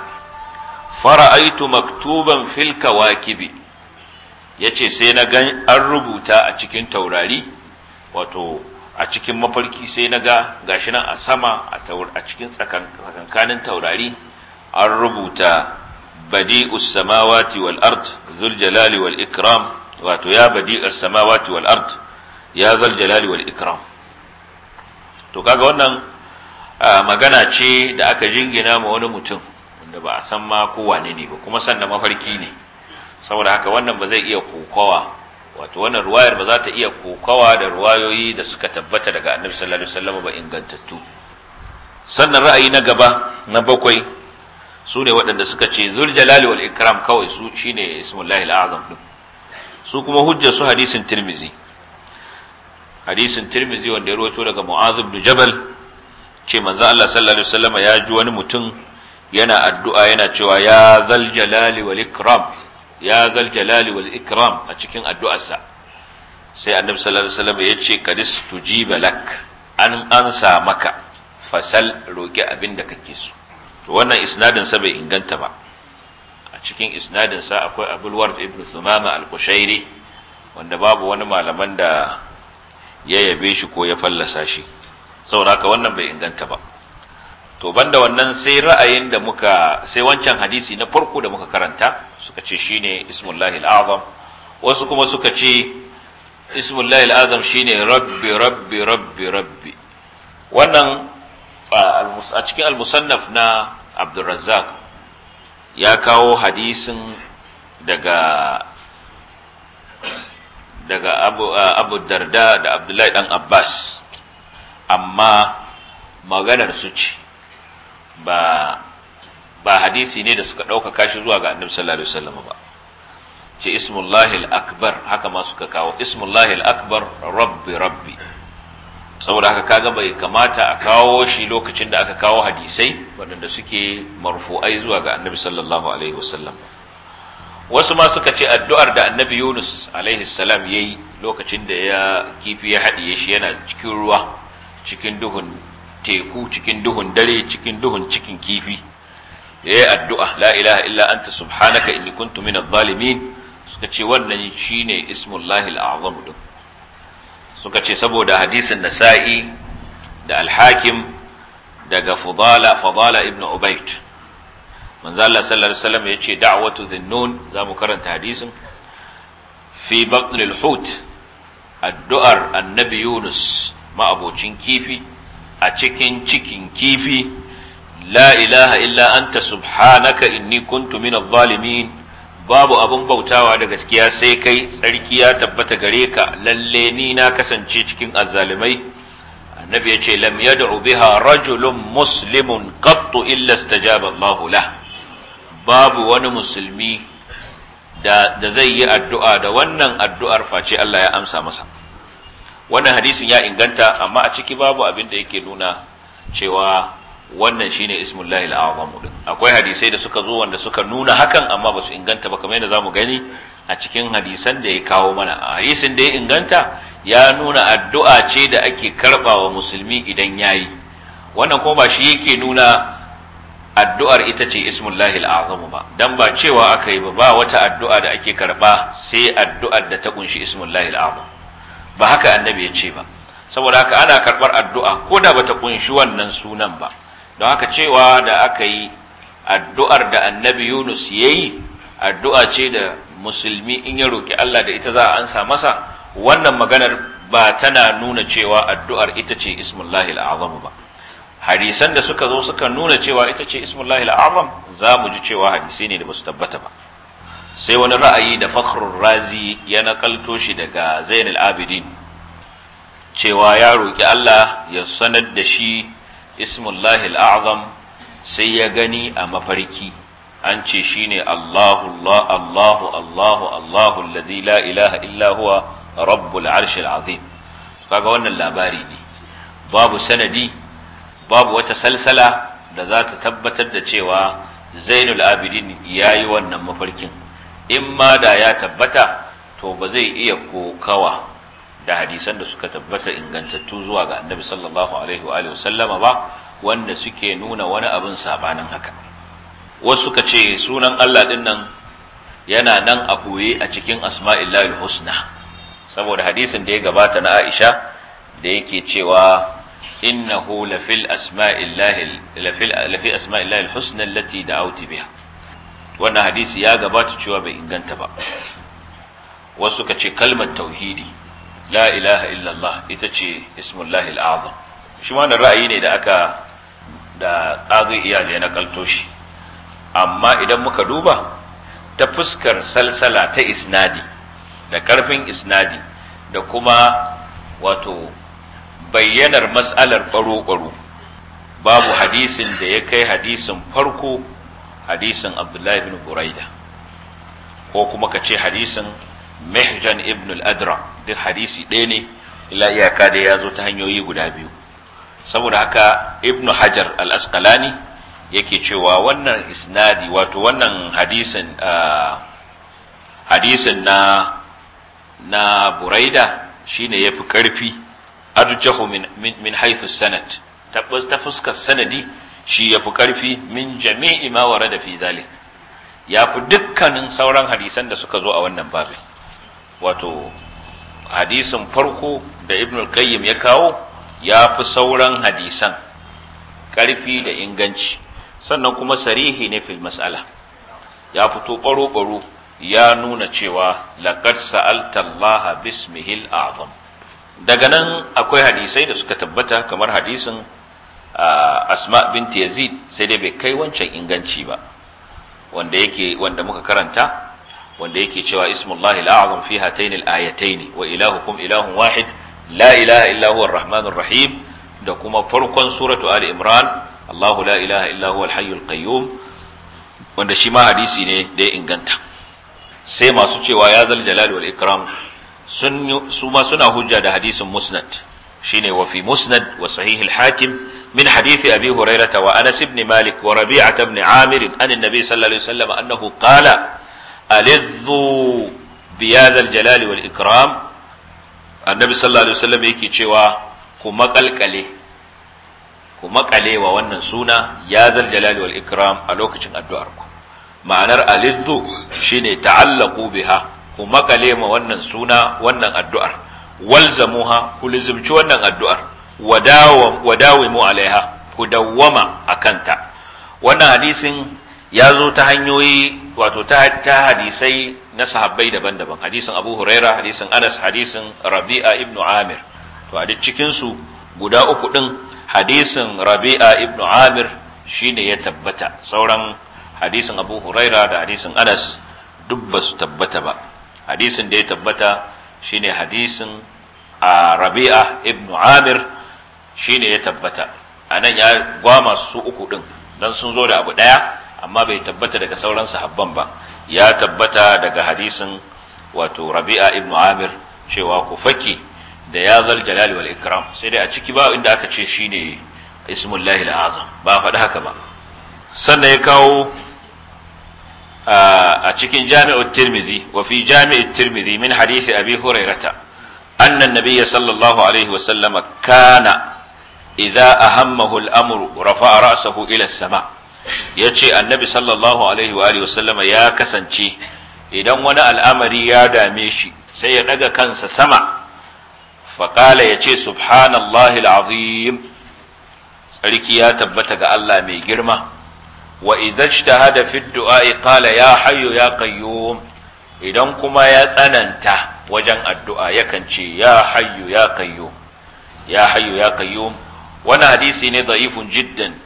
fara'aitu maktuban fil kawakibi yace sai na gan an rubuta a cikin taurari wato a cikin mafarki sai na ga gashi nan a sama a cikin tsakankanin taurari an rubuta badi'us samawati wal ard zul jalali wal ikram wato ya badi'us samawati wal ard ya zal jalali wal ikram to kaga wannan magana ce da aka jingina ma wani mutum wanda ba a san ma ko wane ne ba kuma sannan mafarki ne saboda haka wannan ba zai iya kokawa wato wannan ruwayar ba za ta iya kokawa da ruwayoyi da suka tabbata daga annabi sallallahu alaihi wasallam ba ingantattu sannan ra'ayi na gaba na bakwai su ne waɗanda suka ce zul jalali wal ikram kawai su shine ismullahi al-azam din su kuma hujja su hadisin tirmizi hadisin tirmizi wanda ya rawaito daga mu'adh ibn jabal ce manzo Allah sallallahu alaihi wasallam ya ji wani mutum yana addu'a yana cewa ya zal jalali wal ikram ya zal jalali wal ikram a cikin addu'arsa sai annabi sallallahu alaihi wasallam ya ce kadis tujiba lak an ansa maka fasal roki abin da kake so to wannan isnadin sa bai inganta ba a cikin isnadin sa akwai abul ward ibn sumama al-qushairi wanda babu wani malaman da ya yabe shi ko ya fallasa shi saboda haka wannan bai inganta ba to banda wannan sai ra'ayin da muka sai wancan hadisi na farko da muka karanta suka ce shine ismullahi al'azam wasu kuma suka ce ismullahi al'azam shine rabbi rabbi rabbi rabbi wannan a cikin al na abdurrazzaq ya kawo hadisin daga daga abu, uh, abu darda da abdullahi dan abbas amma maganar su ce ba ba hadisi ne da suka ɗaukaka kashi zuwa ga annabi sallallahu alaihi wasallam ba ce ismullahi akbar haka ma suka kawo ismullahi akbar rabbi rabbi saboda haka kaga bai kamata a kawo shi lokacin da aka kawo hadisai waɗanda suke marfu'ai zuwa ga annabi sallallahu alaihi wasallam wasu ma suka ce addu'ar da annabi yunus alaihi salam ya yi lokacin da ya kifi ya haɗiye shi yana cikin ruwa cikin duhun teku cikin duhun dare cikin duhun cikin kifi ya yi addu'a la ilaha illa anta subhanaka inni kuntu min zalimin suka ce wannan shi ne ismullahi al'azam ɗin suka ce saboda hadisin nasa'i da alhakim daga fudala fudala ibn ubaid manzo Allah sallallahu alaihi wasallam yace da'watu dhinnun zamu karanta hadisin fi batn hut addu'ar annabi Yunus ma'abocin kifi a cikin cikin kifi la ilaha illa anta subhanaka inni kuntu minadh zalimin babu abin bautawa da gaskiya sai kai tsarki ya tabbata gare ka lalle ni na kasance cikin azzalimai annabi ya ce lam yad'u biha rajulun muslimun qattu illa istajaba Allah lahu babu wani musulmi da zai yi addu'a da wannan addu'ar face Allah ya amsa masa wannan hadisin ya inganta amma a ciki babu abin da yake nuna cewa wannan shi shine ismullahi al'azamu akwai hadisai da suka zo wanda suka nuna hakan amma ba su inganta ba kamar yadda za mu gani a cikin hadisan da ya kawo mana a hadisin da ya inganta ya nuna addu'a ce da ake karɓa wa musulmi idan ya yi. wannan kuma ba shi yake nuna addu'ar ita ce ismullahi al'azamu ba dan ba cewa aka yi ba wata addu'a da ake karba sai addu'ar da ta kunshi ismullahi al'azam ba haka annabi ya ce ba saboda haka ana karɓar addu'a ko da bata kunshi wannan sunan ba don haka cewa da aka yi addu'ar da annabi Yunus yi addu'a ce da musulmi in ya roki Allah da ita za a ansa masa wannan maganar ba tana nuna cewa addu'ar ita ce ismullahi al'azamu ba hadisan da suka zo suka nuna cewa ita ce ismullahi al'azam za mu ji cewa hadisi ne da ba su tabbata ba sai wani ra'ayi da fakhrul razi ya nakalto shi daga zainul abidin cewa ya roƙi Allah ya sanar da shi ismullahi al'azam sai ya gani a mafarki an ce shine Allahu Allahu Allahu Allahu allazi la ilaha illa huwa rabbul arshil azim kaga wannan labari ne babu sanadi babu wata salsala da za ta tabbatar da cewa zainul abidin ya yi wannan mafarkin in ma da ya tabbata to ba zai iya kokawa da hadisan da suka tabbata ingantattu zuwa ga annabi sallallahu alaihi wa sallama ba wanda suke nuna wani abin sabanin haka wasu ka ce sunan Allah din nan yana nan a koye a cikin asma'illahi husna saboda hadisin da ya gabata na Aisha da yake cewa innahu lafil asma'illahi lafi asma'illahi alhusna allati da'awti biha wannan hadisi ya gabata cewa bai inganta ba wasu ka ce kalmar tauhidi la ilaha illallah ita ce ismullahi al'azam shi wannan ra'ayi ne da aka da qadi iyalai na kalto shi amma idan muka duba ta fuskar salsala ta isnadi da karfin isnadi da kuma wato bayyanar matsalar baro-baro babu hadisin da ya kai hadisin farko hadisin abdullahi ibn buraida ko kuma ka ce hadisin mehjan ibn al-adra duk hadisi ɗaya ne ila iyaka da ya zo ta hanyoyi guda biyu saboda haka ibn hajar al-asqalani yake cewa wannan isnadi wato wannan hadisin hadisin na buraida shine ya fi ƙarfi. adjahu min min haythu sanad tabbas ta fuskar sanadi shi yafi ƙarfi min jami'i ma warada fi zalik yafi dukkanin sauran hadisan da suka zo a wannan babin wato hadisin farko da ibn al-qayyim ya kawo ya fi sauran hadisan ƙarfi da inganci sannan kuma sarihi ne fil mas'ala ya fito baro-baro ya nuna cewa laqad sa'alta allaha bismihil azam daga nan akwai hadisai da suka tabbata kamar hadisin asma binti yazid sai dai bai kai wancan inganci ba wanda yake wanda muka karanta wanda yake cewa ismullahi al'azam fi hatayn al'ayatayn wa ilahukum ilahun wahid la ilaha illa huwa arrahmanur rahim da kuma farkon suratu ali imran allahu la ilaha illa huwa al-hayyul qayyum wanda shi ma hadisi ne da ya inganta sai masu cewa ya zal jalal wal ikram su ma suna hujja da hadisin musnad shine wa fi musnad wa sahih al-hakim min hadisi abi hurairah wa anas ibn malik wa rabi'ah ibn amir an an-nabi sallallahu alaihi wasallam annahu qala alizzu bi hadha jalali wal ikram annabi sallallahu alaihi wasallam yake cewa ku makalkale ku makale wa wannan suna ya zal jalali wal ikram a lokacin addu'ar ku ma'anar alizzu shine ta'allaqu biha ku makale ma wannan suna wannan addu'ar walzamuha ku lizimci wannan addu'ar wadawimu alaiha ku dawwama a kanta wannan hadisin ya zo ta hanyoyi wato ta hadisai na sahabbai daban-daban hadisin abu huraira hadisin anas hadisin rabi'a ibnu amir to a cikinsu guda uku ɗin hadisin rabi'a ibnu amir shine ya tabbata sauran hadisin abu huraira da hadisin anas duk basu su tabbata ba hadisin da ya tabbata shine hadisin a rabi'a ibn amir shine ya tabbata a nan ya gwama su uku ɗin don sun zo da abu ɗaya amma bai tabbata daga sauran sahabban ba ya tabbata daga hadisin wato rabi'a ibn amir cewa ku faki da ya zal jalali wal ikram sai dai a ciki ba inda aka ce shine ismullahi al'azam ba faɗi haka ba sannan ya kawo a cikin jami'ut tirmidhi wa fi jami'ut tirmidhi min hadisi abi hurairata anna an-nabiy sallallahu alaihi wa sallama kana idza ahammahu al-amru rafa'a ra'sahu ila as-sama yace annabi sallallahu alaihi wa alihi wa sallama ya kasance idan wani al'amari ya dame shi sai ya daga kansa sama faqala yace subhanallahi al-azim sarki ya tabbata ga Allah mai girma wa idza ijtahada fi du'a'i qala ya hayyu ya qayyum idan kuma ya tsananta wajen addu'a yakan ce ya hayyu ya qayyum ya hayyu ya qayyum wannan hadisi ne da'ifun jiddan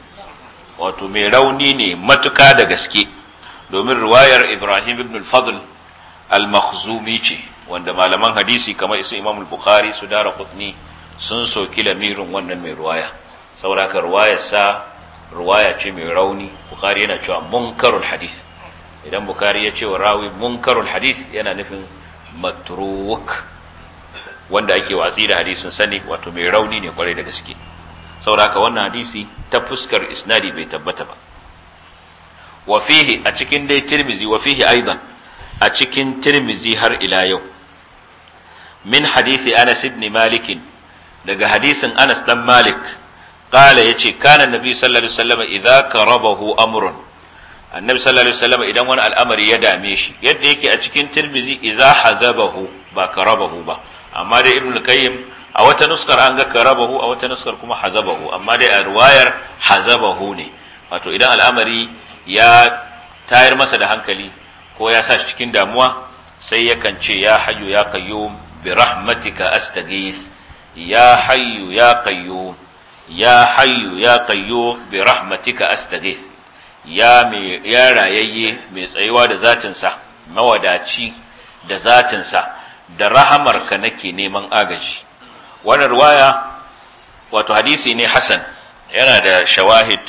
wato mai rauni ne matuka da gaske domin riwayar Ibrahim ibn al-Fadl al-Makhzumi ce wanda malaman hadisi kamar isu Imam al-Bukhari su Dara Qutni sun soki lamirin wannan mai riwaya saboda riwayar sa ruwaya ce mai rauni bukari yana cewa munkarul hadith idan bukari ya ce wa rawi munkarul hadith yana nufin matruk wanda ake watsi da hadisin sani wato mai rauni ne kwarai da gaske sauraka wannan hadisi ta fuskar isnadi bai tabbata ba Wafihi a cikin dai tirmizi wa fihi aidan a cikin tirmizi har ila yau min hadisi anas ibn malik daga hadisin anas dan malik qala yace kana nabi sallallahu alaihi wasallam idza karabahu amrun annabi sallallahu alaihi wasallam idan wani al'amari ya dame shi yadda yake a cikin tirmizi idza hazabahu ba karabahu ba amma dai ibnu qayyim a wata nuskar an ga karabahu a wata nuskar kuma hazabahu amma dai a riwayar hazabahu ne wato idan al'amari ya tayar masa da hankali ko ya sa cikin damuwa sai yakan ce ya hayyu ya qayyum bi rahmatika astaghith ya hayyu ya qayyum ya hayyu ya kayo bi rahmatika astaghith ya mai ya rayayye mai tsayuwa da zatinsa mawadaci da zatinsa da rahamarka nake neman agaji wannan riwaya wato hadisi ne hasan yana da shawahid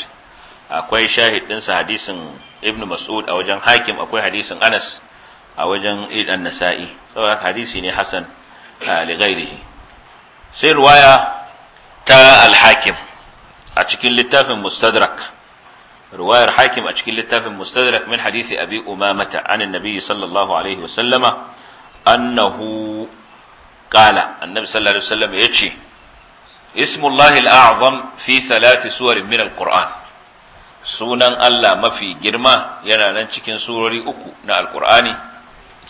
akwai shahid ɗinsa hadisin ibnu mas'ud a wajen hakim akwai hadisin anas a wajen idan nasa'i saboda hadisi ne hasan li ghairihi sai riwaya ta alhakim a cikin littafin mustadrak ruwayar hakim a cikin littafin mustadrak min hadisi abi umamata an annabi sallallahu alaihi wasallama annahu qala annabi sallallahu alaihi wasallam yace ismullahi al'azam fi thalathi suwar min alquran sunan Allah mafi girma yana nan cikin surori uku na alqur'ani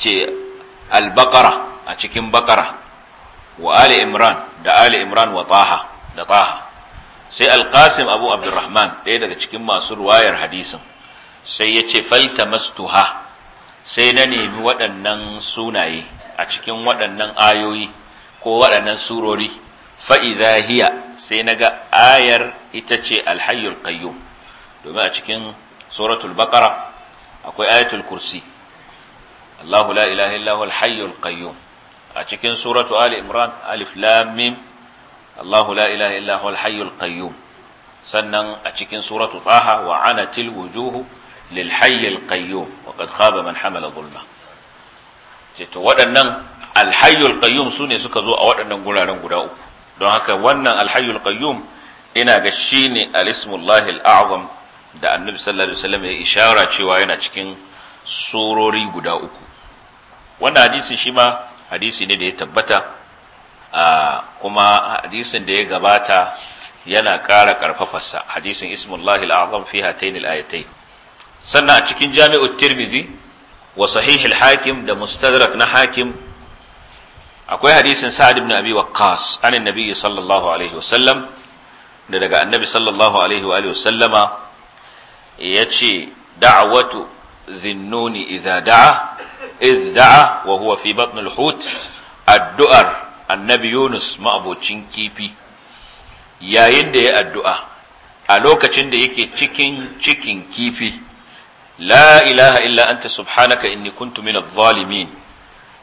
ce al-baqara a cikin baqara wa ali imran da ali imran wa taha da taha sai alkasim abu abdurrahman ɗaya daga cikin masu ruwayar hadisin sai ya ce mastuha sai na nemi waɗannan sunaye a cikin waɗannan ayoyi ko waɗannan surori fa'iza hiya sai na ga ayar ita ce alhayyul qayyum domin a cikin suratul baqara akwai ayatul kursi Allahu la ilaha alhayyul qayyum a cikin suratu ali imran alif Allahu la ilaha illa huwal qayyum sannan a cikin suratu taha wa anatil wujuhu lil hayyil qayyum wa qad hamala waɗannan al qayyum su sune suka zo a waɗannan guraren guda uku don haka wannan al qayyum ina ga shi ne ismullahi al da annabi sallallahu alaihi wasallam ya ishara cewa yana cikin surori guda uku wannan hadisi shi ma hadisi ne da ya tabbata kuma hadisin da ya gabata yana ƙara ƙarfafarsa hadisin ismullahi al'azam fi hatainil ayatai sannan a cikin Jami'u tirmidhi wa sahihil hakim da mustadrak na hakim akwai hadisin sa'ad ibn abi waqqas anin nabiyyi sallallahu alaihi sallam da daga annabi sallallahu alaihi wa alihi wasallama yace da'watu zinnuni idza da'a iz da'a wa huwa fi batn al-hut addu'ar annabi Yunus ma'abocin kifi yayin da ya addu'a a lokacin da yake cikin cikin kifi la ilaha illa anta subhanaka inni kuntu min adh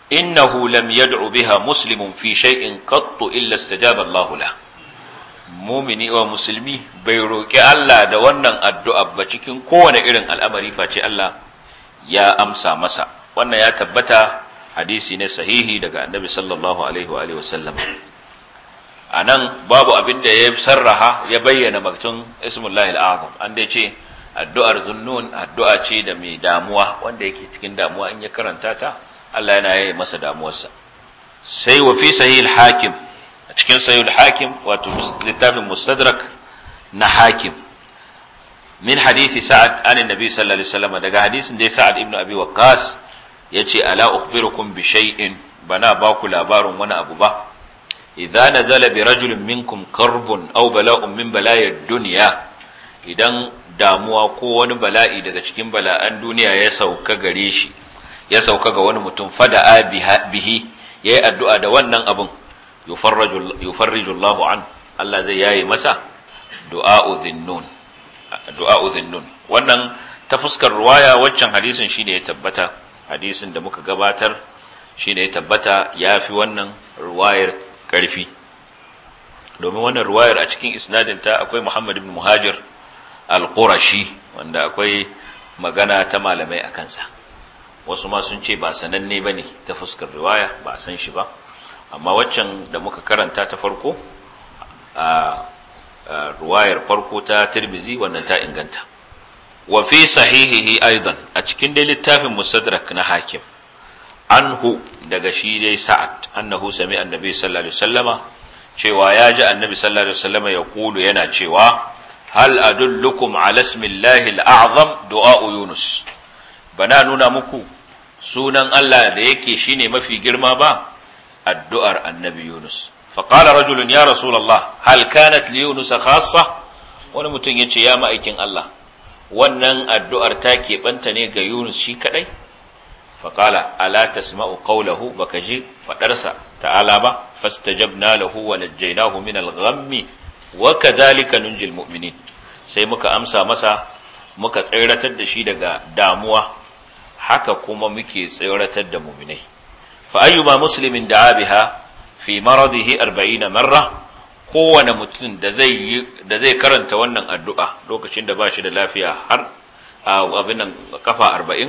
innahu lam yad'u biha muslimun fi shay'in qattu illa istajaba Allahu lahu mumini wa musulmi bai roƙi Allah da wannan addu'a ba cikin kowane irin al'amari face Allah ya amsa masa. Wannan ya tabbata hadisi ne sahihi daga annabi sallallahu alaihi wa alihi wasallam a nan babu abin da ya sarraha ya bayyana maktun ismullahi al'azam an dai ce addu'ar zunnun addu'a ce da mai damuwa wanda yake cikin damuwa in ya karanta ta Allah yana yi masa damuwarsa sai wa fi sahih al-hakim a cikin sahih al-hakim wato littafin mustadrak na hakim min hadisi sa'ad an annabi sallallahu alaihi wasallam daga hadisin da sa'ad ibnu abi waqqas Ya ce, ala ukhbirukum bi shay'in bana ba ku labarin wani abu ba idza nazala bi rajulin minkum karbun aw bala'un min bala'id dunya idan damuwa ko wani bala'i daga cikin bala'an duniya ya sauka gare shi ya sauka ga wani mutum fada'a bihi yayi addu'a da wannan abun yufarriju yufarriju Allahu an Allah zai yaye masa du'a'u dhinnun du'a'u dhinnun wannan ta fuskar ruwaya waccan hadisin shine ya tabbata hadisin da muka gabatar shi ne tabbata ya fi wannan ruwayar ƙarfi domin wannan ruwayar a cikin isnadinta akwai muhammad bin muhajir al-qurashi wanda akwai magana ta malamai a kansa wasu ma sun ce ba sananne ba ne ta fuskar riwaya ba a san shi ba amma waccan da muka karanta ta farko a ruwayar farko ta tirmizi wannan ta inganta wa fi sahihihi aidan a cikin dai littafin musadrak na hakim anhu daga shi dai sa'ad annahu sami annabi sallallahu alaihi wasallama cewa ya ji annabi sallallahu alaihi wasallama ya kulu yana cewa hal adullukum ala ismillahi al'azam du'a yunus bana nuna muku sunan Allah da yake shine mafi girma ba addu'ar annabi yunus faqala rajulun ya rasulullah hal kanat li yunus khassa wani mutum yace ya ma'aikin Allah wannan addu'ar ta keɓanta ne ga Yunus shi kaɗai? faƙala ala tasma'u ba baka ji faɗarsa ta'ala ba na lahu wa najjaynahu min al waka, wa kadhalika nunjil mu'minin sai muka amsa masa muka tsiratar da shi daga damuwa haka kuma muke tsiratar da mu'minai fa ayyuma muslimin da'a biha fi maradihi 40 marra kowane mutum da zai karanta wannan addu'a lokacin da ba shi da lafiya har abin nan kafa arba'in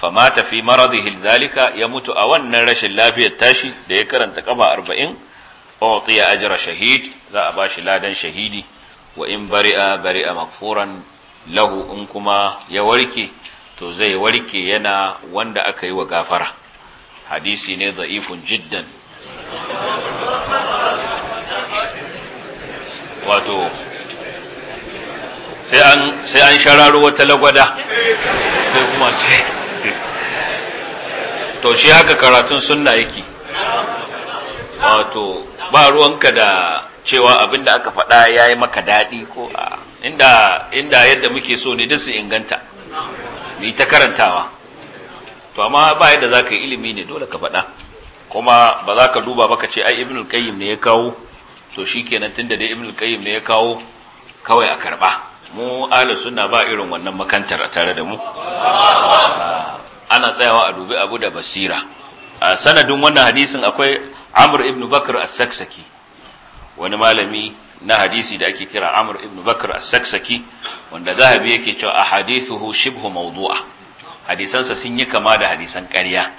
famata fi maradihil zalika ya mutu a wannan rashin lafiyar tashi da ya karanta kafa arba'in ya ajira shahid za a ba shi ladan shahidi wa in bari'a bari'a makfuran lahu in kuma ya warke to zai warke yana wanda aka yi wa gafara hadisi ne za'ifun jiddan wato sai an shararu shararo wata lagwada sai kuma ce to shi haka karatun sunna yake wato ba ruwanka da cewa abinda aka faɗa ya yi maka daɗi ko a inda yadda muke so ne duk su inganta mai ta karantawa to amma ba yadda za ka yi ilimi ne dole ka faɗa kuma ba za ka duba ba ka ce ai ibnul qayyim ne ya kawo to shi tun da da ibnu qayyim ne ya kawo kawai a karba mu suna sunna ba irin wannan makantar a tare da mu ah, ana tsayawa a dubi abu da basira a sanadin wannan hadisin akwai amr ibn bakr as-saksaki wani malami na hadisi da ake kira amr ibn bakr as-saksaki wanda zahabi yake cewa ahadithuhu shibhu mawdu'a hadisansa sun yi kama da hadisan ƙarya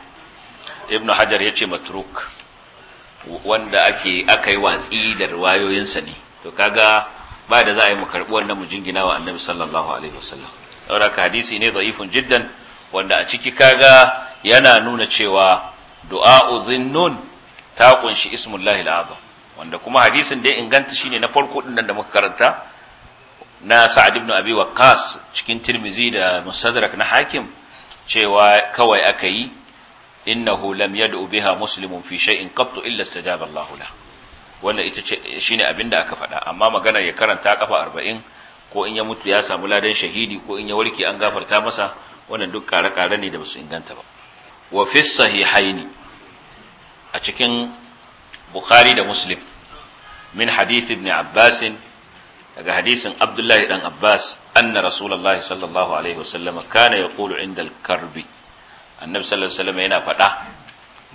ibn hajar yace matruk wanda ake aka yi watsi da riwayoyinsa ne to kaga ba da za a yi mu karɓi wannan mu jingina wa annabi sallallahu alaihi wasallam saboda hadisi ne dhaifun jiddan wanda a ciki kaga yana nuna cewa du'a uzinnun ta kunshi ismullahi al'aba wanda kuma hadisin da inganta shine na farko din da muka karanta na Sa'ad ibn Abi Waqqas cikin Tirmizi da Mustadrak na Hakim cewa kawai aka yi inna lam yad'u biha muslimun fi in qattu illa istajaba Allahu wanda ita ce shine abin da aka faɗa amma maganar ya karanta kafa arba'in ko in ya mutu ya samu ladan shahidi ko in ya warke an gafarta masa wannan duk kare-kare ne da basu inganta ba wa fi sahihaini a cikin bukhari da muslim min hadith ibn abbas daga hadisin abdullahi dan abbas anna rasulullahi sallallahu alaihi wasallam kana yaqulu inda al-karbi annabi sallallahu alaihi yana faɗa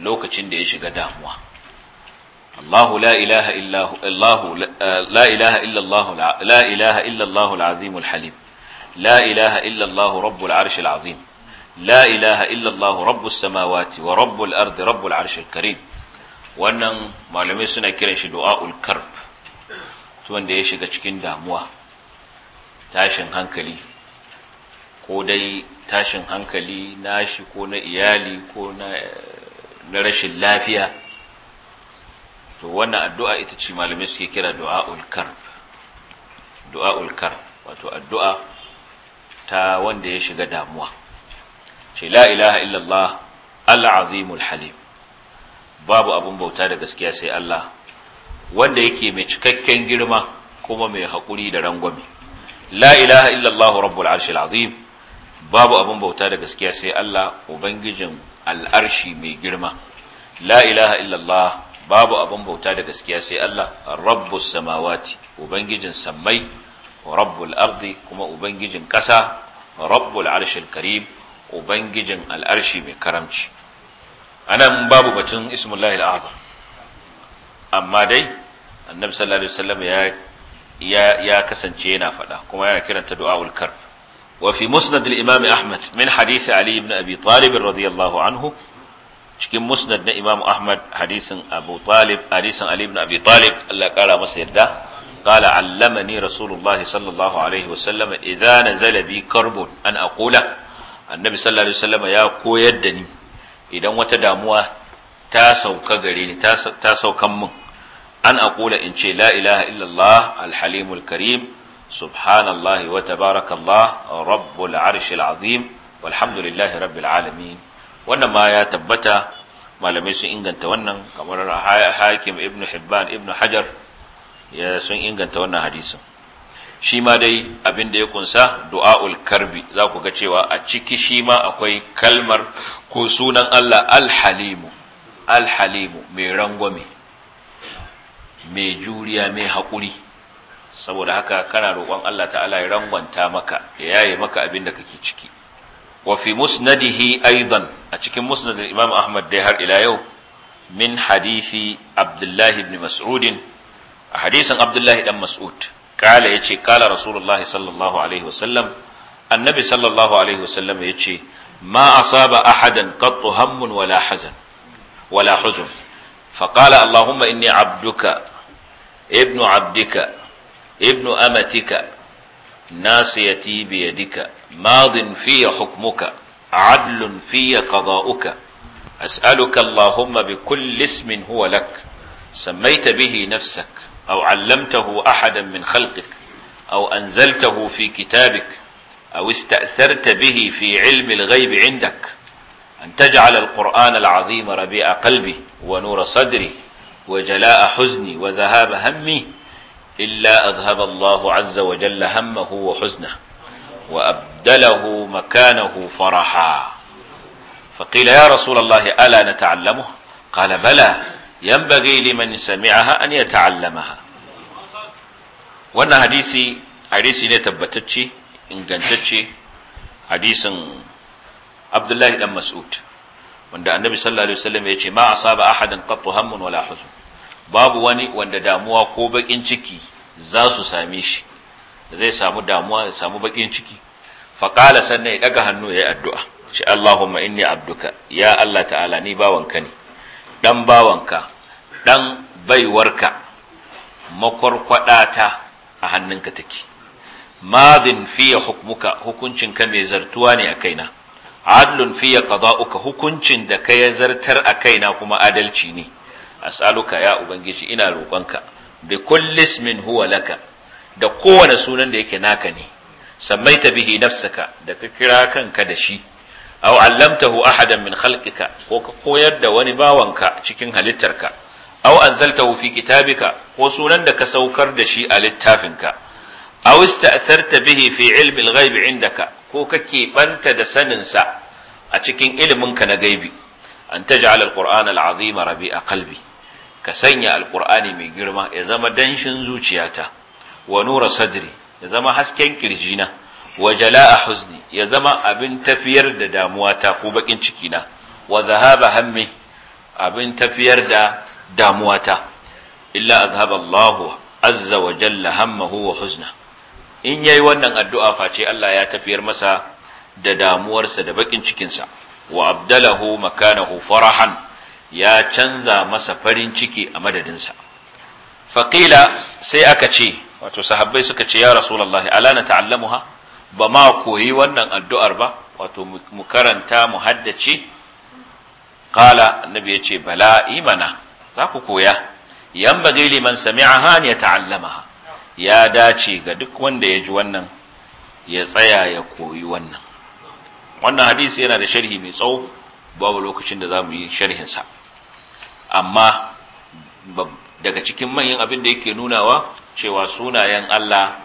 lokacin da ya shiga damuwa Allahu la ilaha illa Allahu eh, la ilaha illa Allahu la ilaha illa Allahu al-azim al-halim la ilaha illa Allahu rabbul azim la ilaha illa Allahu rabbus samawati wa rabbul ardi rabbul karim wannan malamai suna kiran shi du'aul karb to wanda ya shiga cikin damuwa tashin hankali ko dai tashin hankali nashi ko na iyali ko na rashin lafiya to wannan addu'a ita ce malamai suke kira du'a ulkar, wato addu'a ta wanda ya shiga damuwa ce la ilaha illallah al'azimul halim babu abun bauta da gaskiya sai Allah wanda yake mai cikakken girma kuma mai haƙuri da rangwame la ilaha illallah rabbul arshil azim babu abin bauta da gaskiya sai Allah ubangijin al'arshi mai girma la ilaha illallah babu abin bauta da gaskiya sai Allah rabbus samawati ubangijin sammai rabbul ardi kuma ubangijin ƙasa rabbul arshil karim ubangijin al'arshi mai karamci anan babu batun ismullahi al'aba." amma dai annabi sallallahu alaihi wasallam ya ya kasance yana faɗa kuma yana kiranta du'aul karb وفي مسند الإمام أحمد من حديث علي بن أبي طالب رضي الله عنه cikin musnad na Imam Ahmad hadisin Abu Talib hadisin Ali ibn Abi Talib Allah kara masa yarda قال allamani رسول الله صلى الله عليه وسلم إذا نزل بي an أن annabi النبي صلى الله عليه وسلم koyar da ni idan wata damuwa ta sauka gare ni ta saukan mun an aqula in ce la ilaha illallah halimul karim subhanallahi wa tabarakallah arshil azim walhamdulillahi rabbil alamin wannan ma ya tabbata malamai sun inganta wannan kamar hakim ibnu hibban ibnu hajar ya sun inganta wannan hadisin shi ma dai abin da ya kunsa du'aul karbi za ku ga cewa a ciki shi ma akwai kalmar ko sunan Allah Al-Halimu! Al-Halimu! mai rangwame mai juriya mai haƙuri saboda haka kana roƙon Allah ta'ala ya rangwanta maka ya yaye maka abin da kake ciki wa fi musnadihi aidan a cikin musnadin Imam Ahmad dai har ila yau min hadisi Abdullah ibn Mas'ud a hadisin Abdullahi dan Mas'ud kala yace kala Rasulullah sallallahu alaihi wasallam annabi sallallahu alaihi wasallam yace ma asaba ahadan qattu hammun wala hazan wala huzun فقال اللهم إني عبدك ابن عبدك ابن أمتك ناصيتي بيدك ماض في حكمك عدل في قضاؤك أسألك اللهم بكل اسم هو لك سميت به نفسك أو علمته أحدا من خلقك أو أنزلته في كتابك أو استأثرت به في علم الغيب عندك أن تجعل القرآن العظيم ربيع قلبي ونور صدري وجلاء حزني وذهاب همي إلا أذهب الله عز وجل همه وحزنه وأبدله مكانه فرحا فقيل يا رسول الله ألا نتعلمه قال بلى ينبغي لمن سمعها أن يتعلمها wannan hadisi hadisi ne tabbatacce ingantacce hadisin abdullahi dan mas'ud wanda annabi sallallahu alaihi wasallam ya ce ma asaba ahadan qattu hammun wala huzn babu wani wanda damuwa ko bakin ciki za su same shi zai samu damuwa ya samu bakin ciki faqala sannan ya daga hannu ya yayi addu'a shi Allahumma inni abduka ya Allah ta'ala ni bawanka ne dan bawanka dan baiwarka ta a hannunka take madin fiye hukmuka hukuncinka mai zartuwa ne a kaina adlun fiye qada'uka hukuncin da ka ya zartar a kaina kuma adalci ne as'aluka ya ubangiji ina roƙonka bi kulli ismin huwa laka da kowane sunan da yake naka ne ta bihi nafsaka da ka kira kanka da shi aw allamtahu ahadan min khalqika ko ka koyar da wani bawanka cikin halittarka aw anzaltahu fi kitabika ko sunan da ka saukar da shi a littafinka aw ista'tharta bihi fi ilmi al-ghaib indaka ko ka keɓanta da saninsa a cikin iliminka na gaibi an taj'al al-qur'ana al-azima rabi'a qalbi ka sanya alkur'ani mai girma ya zama danshin zuciyata wa nura sadri ya zama hasken kirjina wa jala'a huzni ya zama abin tafiyar da damuwata ko bakin cikina wa zahaba hammi abin tafiyar da damuwata illa azhaba Allah azza wa jalla hammahu wa huzna in yayi wannan addu'a face Allah ya tafiyar masa da damuwarsa da bakin cikinsa wa abdalahu makanahu farahan ya canza masa farin ciki a madadinsa faƙila sai aka ce wato sahabbai suka ce ya rasulallah ala na ha? ba ma koyi wannan addu'ar ba wato mu karanta mu haddace qala annabi ya ce bala imana za ku koya yan bagai liman sami hani ya ha, ya dace ga duk wanda ya ji wannan ya tsaya ya koyi wannan wannan hadisi yana da sharhi mai tsawo babu lokacin da za mu yi sharhinsa amma daga cikin manyan abin da yake nunawa cewa sunayen Allah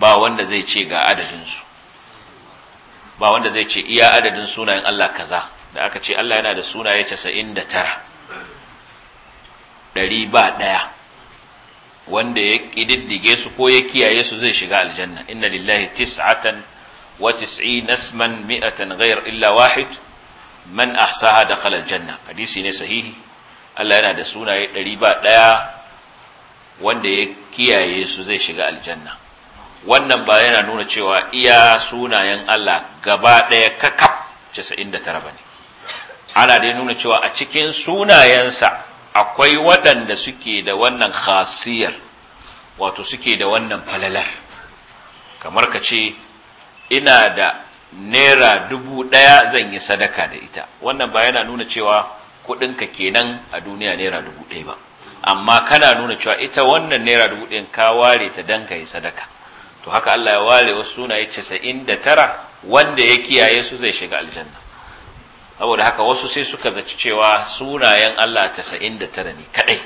ba wanda zai ce ga adadinsu ba wanda zai ce iya adadin sunayen Allah kaza da aka ce Allah yana da sunaye 99 ɗari ba ɗaya wanda ya ƙididdige su ko ya kiyaye su zai shiga aljanna inna lillahi tis'atan wa tis'ina isman mi'atan ghayr illa wahid man ahsaha dakhala aljanna hadisi ne sahihi Allah yana da sunaye ɗari ba ɗaya wanda ya kiyaye su zai shiga aljanna wannan ba yana nuna cewa iya sunayen Allah gaba ɗaya kakaf 99 ba ne ana dai nuna cewa a cikin sunayensa akwai waɗanda suke da wannan khasiyar wato suke da wannan falalar kamar ka ce ina da naira dubu ɗaya zan yi sadaka da ita wannan ba yana nuna cewa kuɗinka kenan a duniya naira dubu ɗaya ba amma kana nuna cewa ita wannan naira dubu ɗaya ka ware ta dan ka yi sadaka to haka Allah ya ware wasu sunaye casa'in da tara wanda ya kiyaye su zai shiga aljanna saboda haka wasu sai suka zaci cewa sunayen Allah casa'in da tara ne kaɗai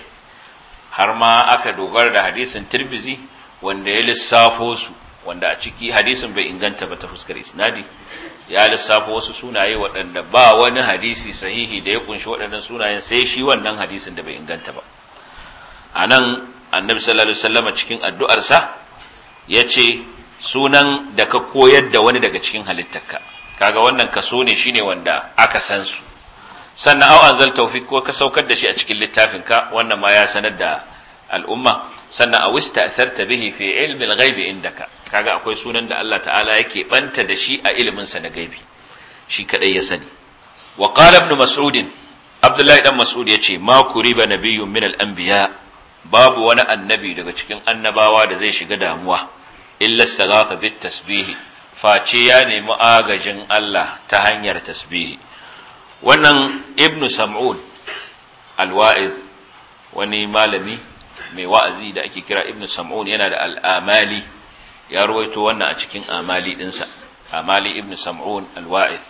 har ma aka dogara da hadisin tirbizi wanda ya lissafo su wanda a ciki hadisin bai inganta ba ta fuskar isnadi ya lissafo wasu sunaye waɗanda ba wani hadisi sahihi da ya kunshi waɗannan sunayen sai shi wannan hadisin da bai inganta ba a nan annabi sallallahu alaihi wasallam cikin addu'arsa ya ce sunan da ka koyar da wani daga cikin halittarka kaga wannan kaso ne shine wanda aka san su sannan au anzal tawfiq ko ka saukar da shi a cikin littafin ka wannan ma ya sanar da al'umma sannan a atharta bihi fi ilmi al-ghaibi indaka kaga akwai sunan da Allah ta'ala yake banta da shi a iliminsa na gaibi shi kadai ya sani wa qala ibn mas'ud abdullahi dan mas'ud yace ma kuriba nabiyyun min al-anbiya babu wani annabi daga cikin annabawa da zai shiga damuwa illa saghafa bit tasbih face ya nemi agajin Allah ta hanyar tasbih wannan ibn sam'ud al-wa'iz wani malami mai wa'azi da ake kira ibn sam'ud yana da al-amali ya ruwaito wannan a cikin amali dinsa amali ibn sam'un al-wa'ith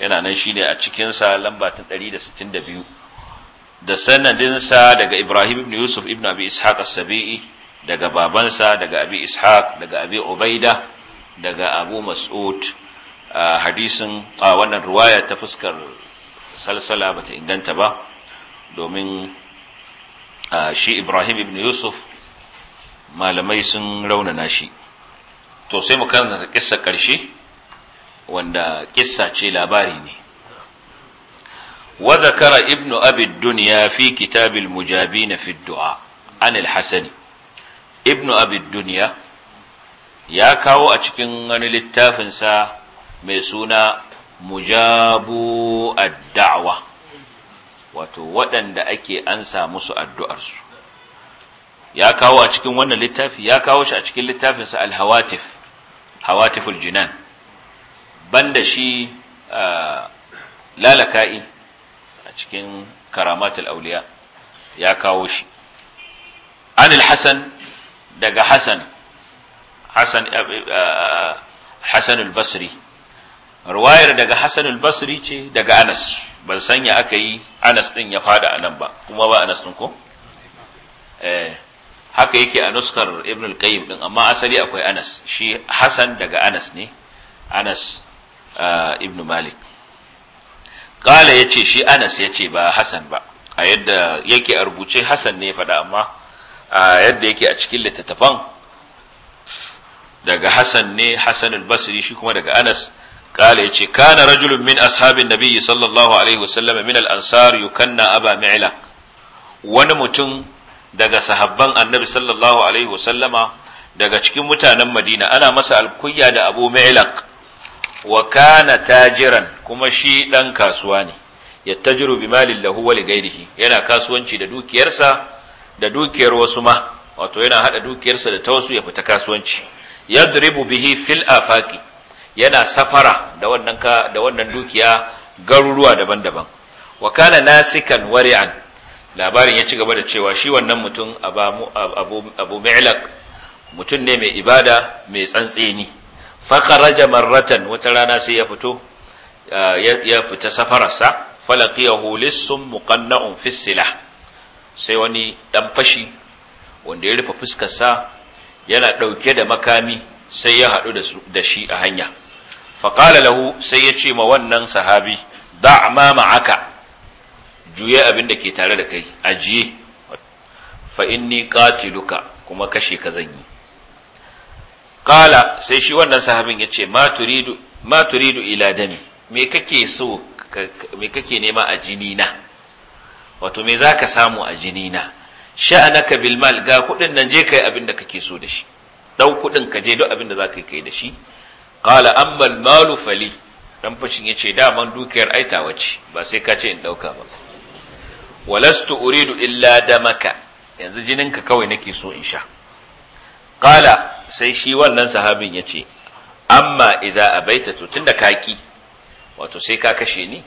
yana nan shine a cikinsa sa lamba ta 162 da sanadin sa daga Ibrahim ibn Yusuf ibn Abi Ishaq as-Sabi'i daga babansa daga Abi Ishaq daga Abi Ubaida daga Abu Mas'ud hadisin a wannan riwaya ta fuskar salsala bata inganta ba domin shi Ibrahim ibn Yusuf malamai sun raunana shi to sai mu karanta kissa ƙarshe wanda kissa ce labari ne wa ibnu Abid duniya fi kitabil mujabin fi du'a an al ibnu abi dunya ya kawo a cikin wani littafinsa mai suna mujabu ad wato waɗanda ake ansa musu addu'arsu ya kawo a cikin wannan littafi ya kawo shi a cikin littafinsa Alhawatif. hawatiful jinan banda shi lalaka'i a cikin karamatul auliya ya kawo shi anil hasan daga hasan hasan hasan basri ruwayar daga hasanul basri ce daga anas ban sanya aka yi anas din ya fada anan ba kuma ba anas din ko eh haka yake a nuskar ibn al-qayyim din amma asali akwai anas shi hasan daga anas ne anas uh, ibn malik qala yace shi anas yace ba hasan ba a yadda yake a rubuce hasan ne faɗa amma a yadda yake a cikin littattafan daga hasan ne hasan al-basri shi kuma daga anas قال يجي كان رجل من أصحاب النبي صلى الله عليه وسلم من الأنصار يكنى أبا معلق wani mutum daga sahabban annabi sallallahu alaihi wasallama daga cikin mutanen madina ana masa alkuyya da abu mailak wa kana tajiran kuma shi ɗan kasuwa ne ya tajiru bi malin lahu wa lighairihi yana kasuwanci da dukiyarsa da dukiyar wasu ma wato yana hada dukiyarsa da ta wasu ya fita kasuwanci yadribu bihi fil afaqi yana safara da wannan ka da wannan dukiya garuruwa daban-daban wa kana nasikan wari'an labarin ya ci gaba da cewa shi wannan mutum abu mi'lak mutum ne mai ibada mai tsantseni fakaraja Maratan, wata rana sai ya fito ya fita safararsa falaqiyahu hulis sun fi unfisila. sai wani dan fashi wanda ya rufe fuskarsa yana dauke da makami sai ya haɗu da shi a hanya fakala lahu sai ya ce ma wannan sahabi da'ama ma'aka juye abin da ke tare da kai ajiye fa inni qatiluka kuma kashe ka zan yi qala sai shi wannan sahabin yace ma ma turidu ila dami me kake so me kake nema a jini na wato me zaka samu a jini na sha'anaka bil mal ga kudin nan je kai abin da kake so da shi dau kudin ka je duk abin da zaka kai da shi qala amma al malu fali dan fashin yace daman dukiyar aitawa ce ba sai ka ce in ɗauka ba walastu uridu illa damaka yanzu jininka kawai nake so in sha qala sai shi wannan sahabin yace amma idza abaita to tunda kaki wato sai ka kashe ni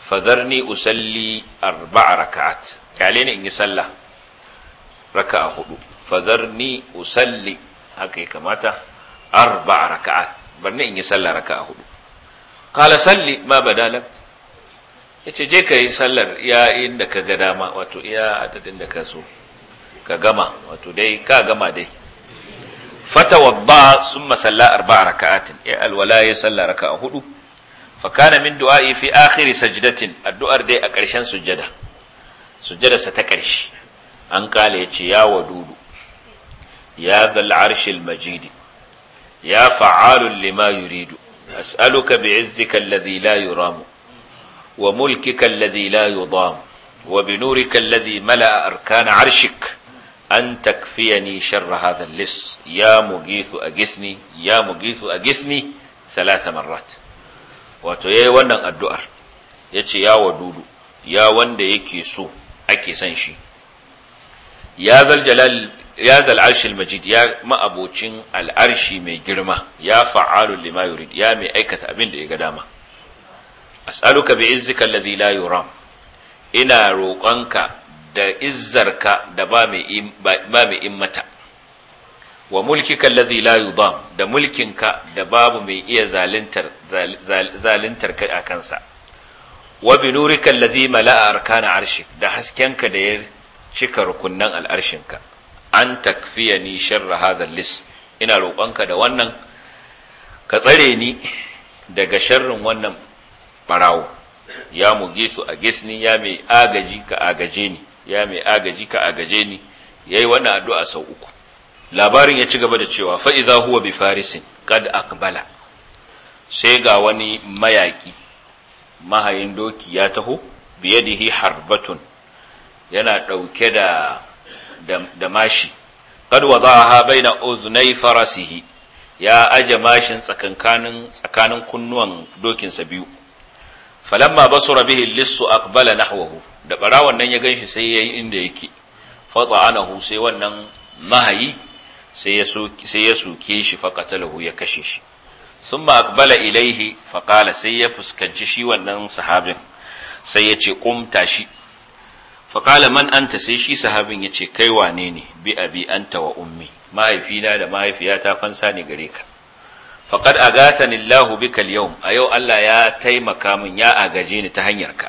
fadarni usalli arba'a raka'at kale ni in yi sallah raka'a hudu fadarni usalli haka ya kamata arba'a raka'at barni in yi sallah raka'a hudu qala salli ma badalak yace je ka yi sallar ya inda ka ga dama wato iya adadin da ka so ka gama wato dai ka gama dai sun summa salla a raka'atin ya alwala ya salla raka'a hudu fakana min du'a'i fi akhir sajdatin addu'ar dai a ƙarshen sujjada sa ta ƙarshe an kale yace ya wadudu ya dhal arshil majidi ya fa'alun lima yuridu as'aluka bi alladhi la yuramu wa mulkika alladhi la yudam wa bi nurika alladhi mala'a arkana arshik an takfiyani sharra hadha ya mughithu aghithni ya salasa marrat wato yayi wannan addu'ar yace ya wadudu ya wanda yake so ake san shi ya zal jalal ya zal arshil majid ya ma'abocin al'arshi mai girma ya fa'alul lima yurid ya mai aikata abinda da ya ga dama as'aluka bi izzika alladhi la yuram ina roƙonka da izzarka da ba mai immata wa mulkika alladhi la yudam da mulkinka da babu mai iya zalintar zalintar kai a kansa wa bi nurika alladhi mala'a arkana arshik da haskenka da ya cika rukunnan al'arshinka an takfiyani sharra hadha lis ina roƙonka da wannan ka tsare ni daga sharrin wannan barawo ya muge su a gisni ya mai agaji ka agaje ni ya mai agaji ka agaje ni yayi wannan addu'a sau uku labarin ya ci gaba da cewa fa idza huwa bi farisin qad aqbala sai ga wani mayaki mahayin doki ya taho hi harbatun yana dauke da da mashi qad wadaha baina uznai farasihi ya aje mashin tsakankanin tsakanin kunnuwan dokinsa biyu falamma basura bihi lissu aqbala nahwahu da barawan nan ya ganshi sai yayi inda yake fata'anahu sai wannan mahayi sai ya soke sai ya soke shi faqatalahu ya kashe shi thumma aqbala ilaihi faqala sai ya fuskanci shi wannan sahabin sai ya ce kumta shi faƙala man anta sai shi sahabin ya ce kai wane ne bi abi anta wa ummi mahaifina da mahaifiyata fansa ne gare ka faqad a gasanillahu bikal yawm a yau Allah ya taimaka min ya agaje ni ta hanyarka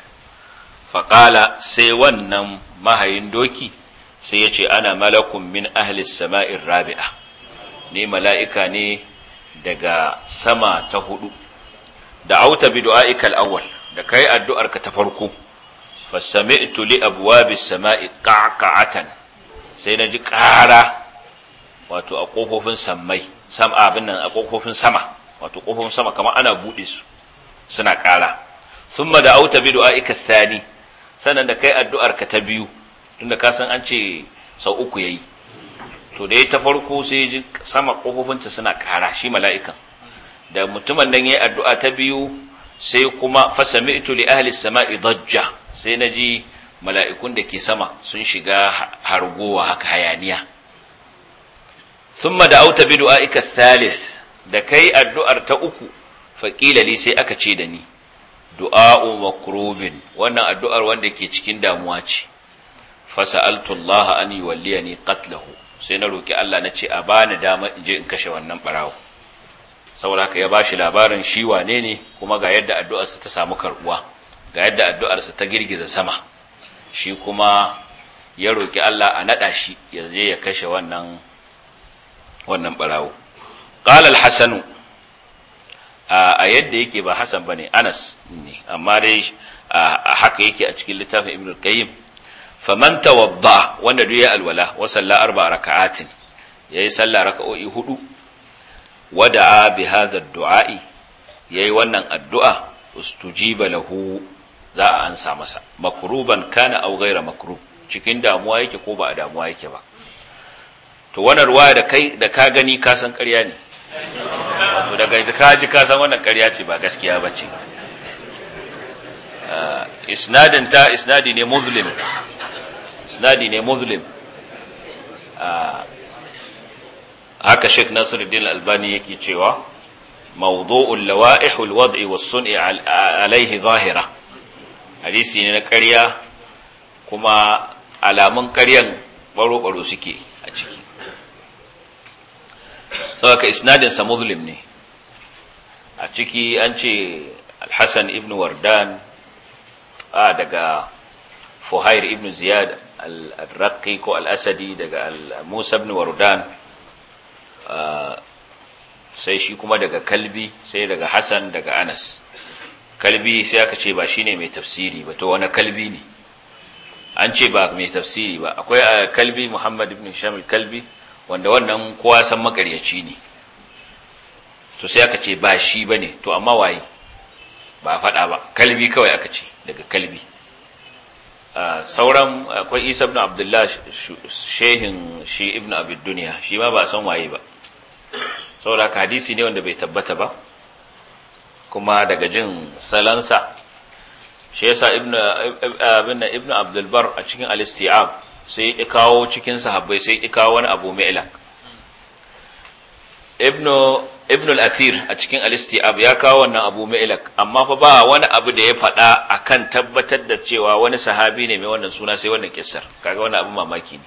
faqala sai wannan mahayin doki sai ya ce ana malakun min ahli sama'ir rabi'a ni mala'ika ne daga sama ta hudu da auta bi du'aikal awwal da kai addu'arka ta farko fasami'tu li abwabis sama'i qaqatan sai naji ƙara wato a kofofin sammai sam abin nan a kofofin sama wato kofofin sama kamar ana bude su suna kara summa da auta bi du'aika thani sannan da kai addu'ar ka ta biyu tunda ka san an ce sau uku yayi to da yayi ta farko sai ji sama ta suna kara shi mala'ikan da mutumin nan yayi addu'a ta biyu sai kuma fasami'tu li ahli samai dajja sai naji mala'ikun da ke sama sun shiga hargowa haka hayaniya ثم دعوت bi الثالث thalith da kai addu'ar ta uku faƙilali sai aka ce da ni du'a'u makrubin wannan addu'ar wanda ke cikin damuwa ce fasa'altu Allah an yuwalliyani qatlahu sai na roki Allah na ce a bani dama in je in kashe wannan barawo saboda haka ya bashi labarin shi wane ne kuma ga yadda addu'arsa ta samu karbuwa ga yadda addu'arsa ta girgiza sama shi kuma ya roki Allah a naɗa shi ya ya kashe wannan wannan barawo qala al a yadda yake ba hasan bane anas ne amma dai haka yake a cikin littafin ibn al-qayyim faman tawadda wanda duk ya alwala wa salla arba raka'atin yayi sallah raka'o'i hudu wada'a bi hadha ad-du'a'i yayi wannan addu'a ustujiba lahu za a ansa masa makruban kana aw ghayra makrub cikin damuwa yake ko ba a damuwa yake ba to wannan ruwa da kai da ka gani ka san ƙarya ne to daga ka ji ka san wannan ƙarya ce ba gaskiya ba ce ah, isnadin ta isnadi ne muslim isnadi ne muslim ah, haka Sheikh Nasiruddin Albani yake cewa mawdu'ul lawa'ihul alwad'i was-sun'i alayhi zahira hadisi ne na ƙarya kuma alamun ƙaryan baro-baro suke saboda isnadin sa muslim ne a ciki an ce Alhassan ibn wardan a daga fuhair ibn ziyad al-raqi ko al-asadi daga musa ibn wardan sai shi kuma daga kalbi sai daga hasan daga anas kalbi sai aka ce ba shi ne mai tafsiri ba to wani kalbi ne an ce ba mai tafsiri ba akwai kalbi muhammad ibn shamil kalbi wanda wannan kowa san makaryaci ne to sai aka ce ba shi bane, to amma waye ba faɗa ba kalbi kawai aka ce daga kalbi sauran akwai isa ibn abdullah shehin shi ibn abid duniya shi ma ba san waye ba saboda hadisi ne wanda bai tabbata ba kuma daga jin salansa shi yasa ibn abdulbar a cikin al sai ya kawo cikin sahabbai sai ya kawo wani abu mai mailak ibn al-athir a cikin al-istiab ya kawo wannan abu mai ilan amma fa ba wani abu da ya faɗa akan tabbatar da cewa wani sahabi ne mai wannan suna sai wannan kissar kaga wani abu mamaki ne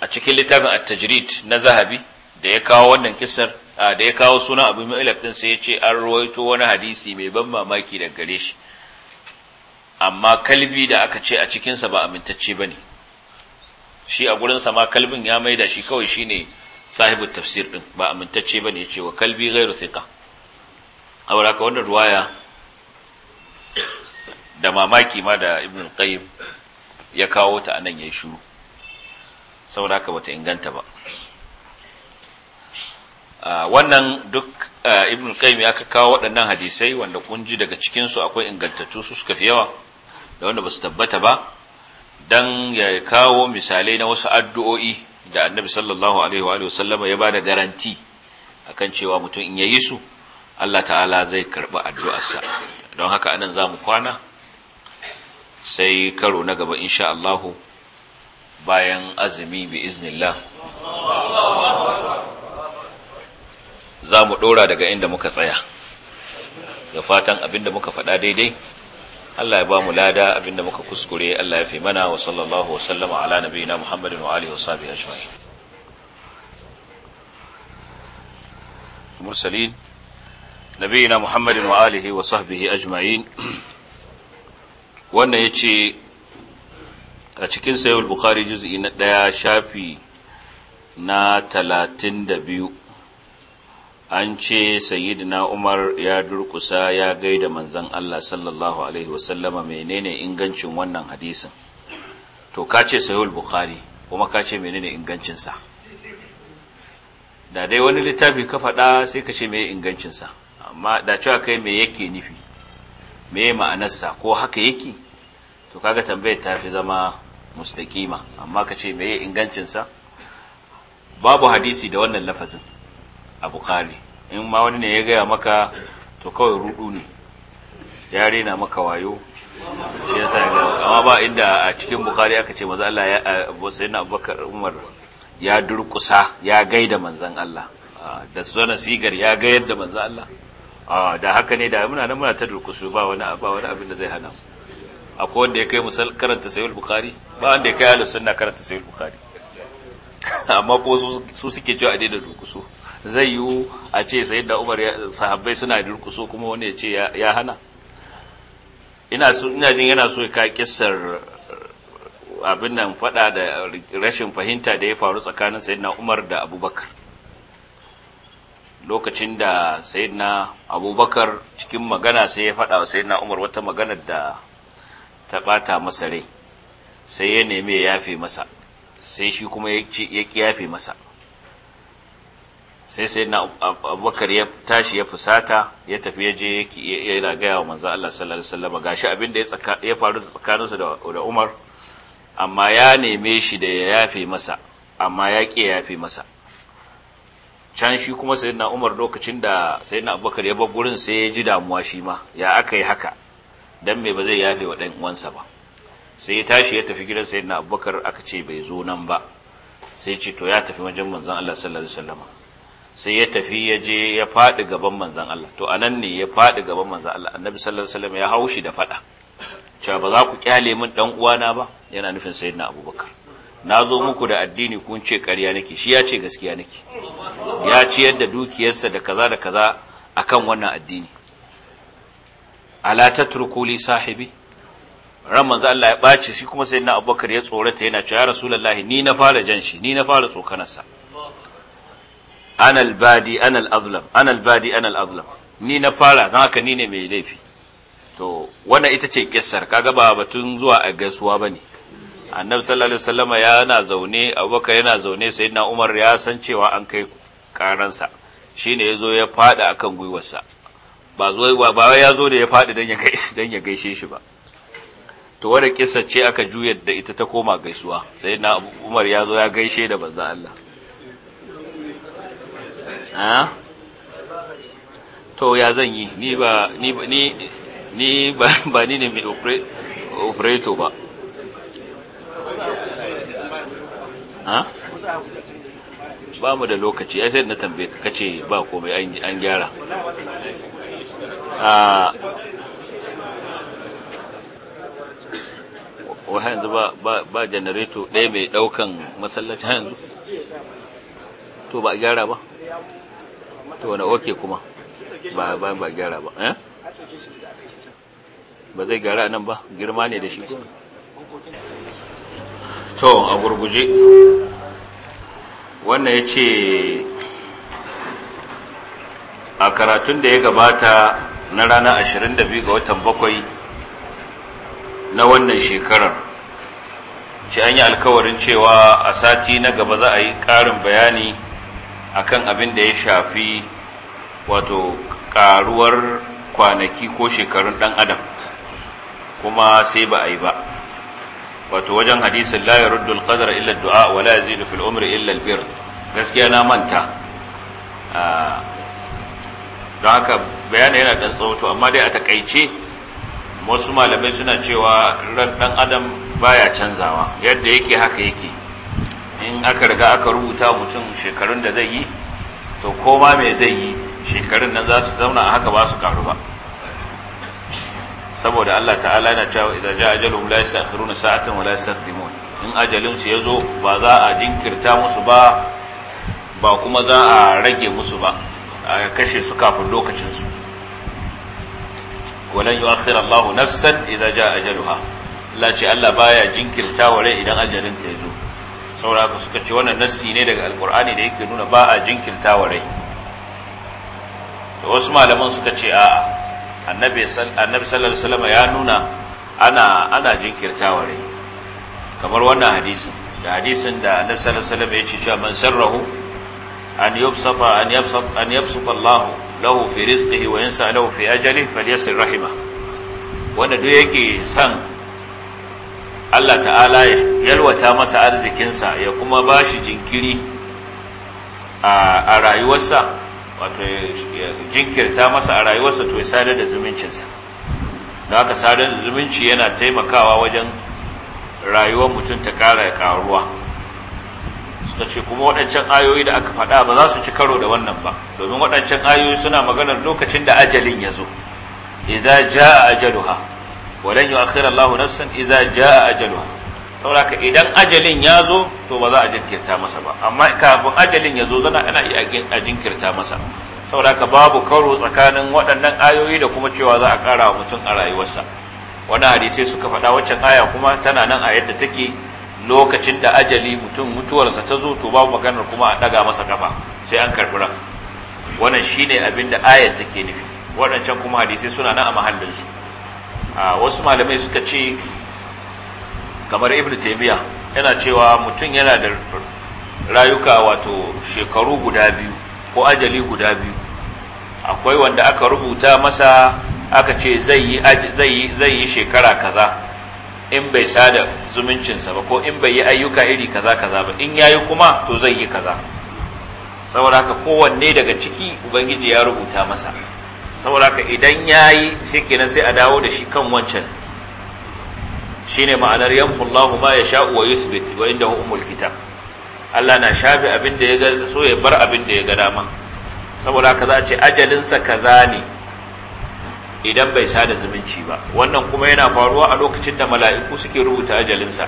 a cikin littafin at-tajrid na zahabi da ya kawo wannan kissar da ya kawo sunan abu mailak din sai ya ce an ruwaito wani hadisi mai ban mamaki daga gare shi amma kalbi da aka ce a cikinsa ba amintacce ba ne shi a gurinsa ma kalbin ya maida shi kawai shi ne sahibin tafsir ɗin ba amintacce ba ne ya ce wa kalbi gairu thika a wadaka wanda ruwaya da mamaki ma da ibn qayyim ya kawo ta anan ya shuru saboda haka bata inganta ba wannan duk ibn qayyim ya kawo waɗannan hadisai wanda kun ji daga cikinsu akwai ingantattu su suka fi yawa da wanda ba su tabbata ba don ya kawo misalai na wasu addu'o'i da annabi sallallahu alaihi wa sallama ya ba da garanti akan cewa mutum in yayi su Allah ta'ala zai karɓi addu'arsa don haka anan za mu kwana sai karo na gaba insha Allahu bayan azumi bi iznillah za mu ɗora daga inda muka tsaya ga fatan abinda muka faɗa daidai Allah ya ba mu lada abinda muka kuskure Allah ya fi mana wa sallallahu wa sallama ala nabiyina Muhammadin wa alihi wa sahbihi ajma'in المرسلين نبينا محمد وآله وصحبه أجمعين wannan ya ce a cikin sayar bukhari juz'i na ɗaya shafi na talatin da biyu an ce sayyidina umar ya durkusa ya gaida manzan Allah sallallahu alaihi wasallama menene ingancin wannan hadisin to ka ce sahihul bukhari kuma ka ce menene ingancinsa da dai wani littafi ka faɗa sai ka ce meye ingancinsa amma da cewa kai me yake nufi Me ma'anarsa ko haka yake to kaga tambayar ta fi zama mustaƙima. amma ka ce meye ingancinsa babu hadisi da wannan lafazin a bukhari in ma wani ne ya gaya maka to kawai rudu ne ya rena maka wayo shi ya sa maka amma ba inda a cikin bukari aka ce maza Allah ya sayi abubakar umar ya durkusa ya gaida manzan Allah da zana sigar ya gayar da manzan Allah da haka ne da muna nan muna ta durkusu ba wani ba wani abin da zai hana mu akwai wanda ya kai musal karanta sayyid bukari ba wanda ya kai ahlus sunna karanta sayyid bukari [LAUGHS] amma ko su suke cewa a daina durkusu zai yiwu a ce sai da umar sahabbai suna durkuso kuma wani ya ce ya hana ina jin yana so ka kissar abin nan fada da rashin fahimta da ya faru tsakanin sayyidina umar da abubakar lokacin da sayyidina abubakar cikin magana sai ya fada wa sayyidina umar wata magana da ta bata masa rai sai ya nemi ya yafe masa sai shi kuma ya ƙi yafe masa sai sai na abubakar ya tashi ya fusata ya tafi ya je yana gaya wa manzo Allah sallallahu alaihi wasallam gashi abin da ya faru tsakaninsu da Umar amma ya neme shi da ya yafe masa amma ya ƙi yafe masa can shi kuma na Umar lokacin da na Abubakar ya bar gurin sai ya ji damuwa shi ma ya aka yi haka dan me ba zai yafe wa dan uwansa ba sai ya tashi ya tafi gidan na Abubakar aka ce bai zo nan ba sai ce to ya tafi wajen manzon Allah sallallahu alaihi wasallam sai ya tafi ya je ya faɗi gaban manzan Allah to anan ne ya faɗi gaban manzan Allah annabi sallallahu alaihi wasallam ya haushi da faɗa cewa ba za ku kyale min dan uwana ba yana nufin sayyidina abubakar na zo muku da addini kun ce ƙarya nake shi ya ce gaskiya nake ya ci yadda dukiyarsa da kaza da kaza akan wannan addini ala tatruku li sahibi ran manzo Allah ya ɓaci shi kuma sayyidina abubakar ya tsorata yana cewa ya rasulullahi ni na fara jan shi ni na fara tsokanarsa anal badi anal azlam anal badi anal azlam ni na fara don haka ni ne mai laifi to wannan ita ce kissar kaga ba batun zuwa a gaisuwa bane annabi sallallahu alaihi wasallama yana zaune abubakar yana zaune sayyidina umar ya san cewa an kai karansa shine yazo ya fada akan gwiwarsa ba zo ba ya zo da ya fadi dan ya [LAUGHS] dan ya gaishe shi ba to wanda kissa ce aka juyar da ita ta koma gaisuwa sayyidina umar ya zo ya gaishe da banzan Allah to ya zan yi ni ba ni ba ni [LAUGHS] ba ni ne mai operator ba ha ba mu da lokaci ai sai na tambaye ka kace ba komai an gyara a ah, wahai yanzu ba generator ɗaya mai ɗaukan masallacin yanzu to ba a gyara ba to na oke kuma ba ba ba gyara ba eh? ba zai gyara nan ba girma ne da shi to a gurguje wannan ya ce a karatun da ya gabata na ranar 22 ga watan bakwai na wannan shekarar shi an yi alkawarin cewa a sati na gaba za a yi ƙarin bayani akan abin da ya shafi wato karuwar kwanaki ko shekarun dan adam kuma sai ba a yi ba wato wajen hadisin la yaruddu al illa addu'a dua wa la yazidu fil umri illa albir gaskiya na manta ah, don haka bayani yana dan tsawo amma dai a takaice wasu malamai suna cewa ran dan adam baya canzawa yadda yake haka yake in aka riga aka rubuta mutum shekarun da zai yi to koma mai zai yi shekarun nan za su zauna a haka ba su karu ba saboda Allah ta'ala na cewa idan ja ajaluhum la yastakhiruna sa'atan wa la yastaqdimun in ajalin su yazo ba za a jinkirta musu ba ba kuma za a rage musu ba a kashe su kafin lokacin su walan yu'akhir Allah nafsan idan ja ajaluha Allah ce Allah baya jinkirta wa rai idan ajalin ta yazo sauraka suka ce wannan nassi ne daga alkur'ani da yake nuna ba a jinkirta wa rai da wasu malaman suka ce a annabi sallallahu alaihi ya nuna ana ana jinkirta wa rai kamar wannan hadisin da hadisin da annabi sallallahu alaihi ya ce cewa man sarrahu an yubsata an yabsata an yabsata Allah lahu fi rizqihi wa yansa lahu fi ajalihi falyasir rahimah wanda duk yake san Allah ta'ala ya yalwata masa arzikinsa ya kuma ba shi jinkiri a rayuwarsa wato ya jinkirta masa a rayuwarsa to ya sadar da zumuncinsa da aka sadar da zumunci yana taimakawa wajen rayuwar mutum ta ƙara ƙaruwa suka ce kuma waɗancan ayoyi da aka faɗa ba za su ci karo da wannan ba domin waɗancan ayoyi suna maganar lokacin da ajalin ya zo idza ja ajaluha walan yu'akhkhir Allahu nafsan idza jaa ajaluha saboda idan ajalin ya zo to ba za a jinkirta masa ba amma kafin ajalin ya zo zana ana iya a jinkirta masa saboda babu karo tsakanin waɗannan ayoyi da kuma cewa za a ƙara wa mutum a rayuwarsa wani hadisai suka faɗa waccan aya kuma tana nan a yadda take lokacin da ajali mutum mutuwarsa ta zo to babu maganar kuma a ɗaga masa kafa sai an karɓi ran wannan shine abin da ayar take nufi waɗancan kuma hadisai suna nan a mahallinsu wasu malamai suka ce kamar ibn taimiyya yana cewa mutum yana da rayuka wato shekaru guda biyu ko ajali guda biyu akwai wanda aka rubuta masa aka ce zai yi shekara kaza in bai da zumuncinsa ba ko in bai yi ayyuka iri kaza kaza ba in ya yi kuma to zai yi kaza saboda haka kowanne daga ciki ubangiji ya rubuta masa saboda ka idan ya yi, sai kenan sai a dawo da shi kan wancan Shi ne ma'anar yamhullahu ma ya sha'u wa yusbit wa hu umul kitab Allah na shafi abin da ya ga so ya bar abin da ya ga dama saboda ka za a ce ajalinsa kaza ne idan bai sa sada zumunci ba wannan kuma yana faruwa a lokacin da mala'iku suke rubuta ajalinsa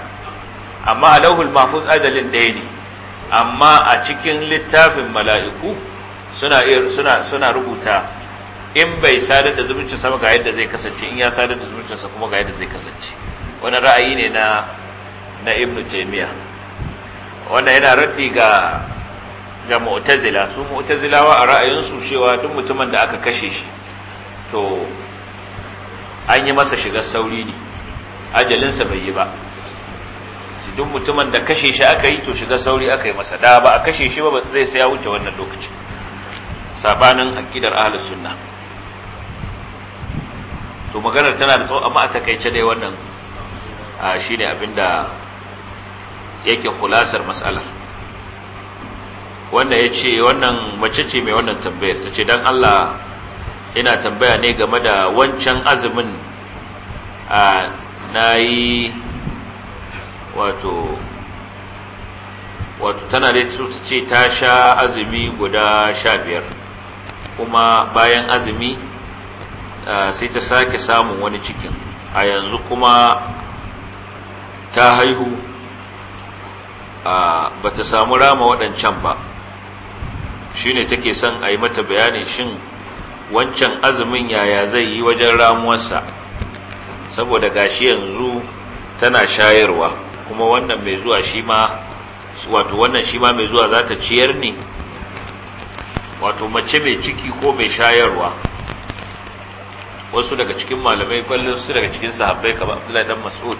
amma a lauhul mahfuz ajalin ɗaya ne amma a cikin littafin mala'iku suna rubuta in bai sadar da zumuncin sama ga yadda zai kasance in ya sadar da zumuncin sa kuma ga yadda zai kasance wani ra'ayi ne na na ibn taymiya wanda yana raddi ga ga mu'tazila su mu'tazilawa a ra'ayinsu cewa duk mutumin da aka kashe shi to an yi masa shigar sauri ne ajalinsa bai yi ba duk mutumin da kashe shi aka yi to shiga sauri aka yi masa da ba a kashe shi ba zai sai ya wuce wannan lokaci sabanin akidar ahlus sunnah to maganar tana da tsawon amma a takaice dai wannan shi ne abinda yake kulasar matsalar wanda ya ce wannan mace ce mai wannan tambayar ta ce don allah ina tambaya ne game da wancan azumin na yi wato wato tana da ta ce ta sha azumi guda sha biyar kuma bayan azumi Ah, sai ta sake samun wani cikin a yanzu kuma ta haihu ah, ba ta samu rama waɗancan ba shi ne take son a yi mata bayani shin wancan azumin yaya zai yi wajen ramuwarsa saboda gashi yanzu tana shayarwa kuma wannan mai zuwa shi ma wato wannan shi ma mai zuwa za ta ciyar ne wato mace mai ciki ko mai shayarwa wasu daga cikin malamai kwallon su daga cikin sahabbai kamar Abdullahi dan Mas'ud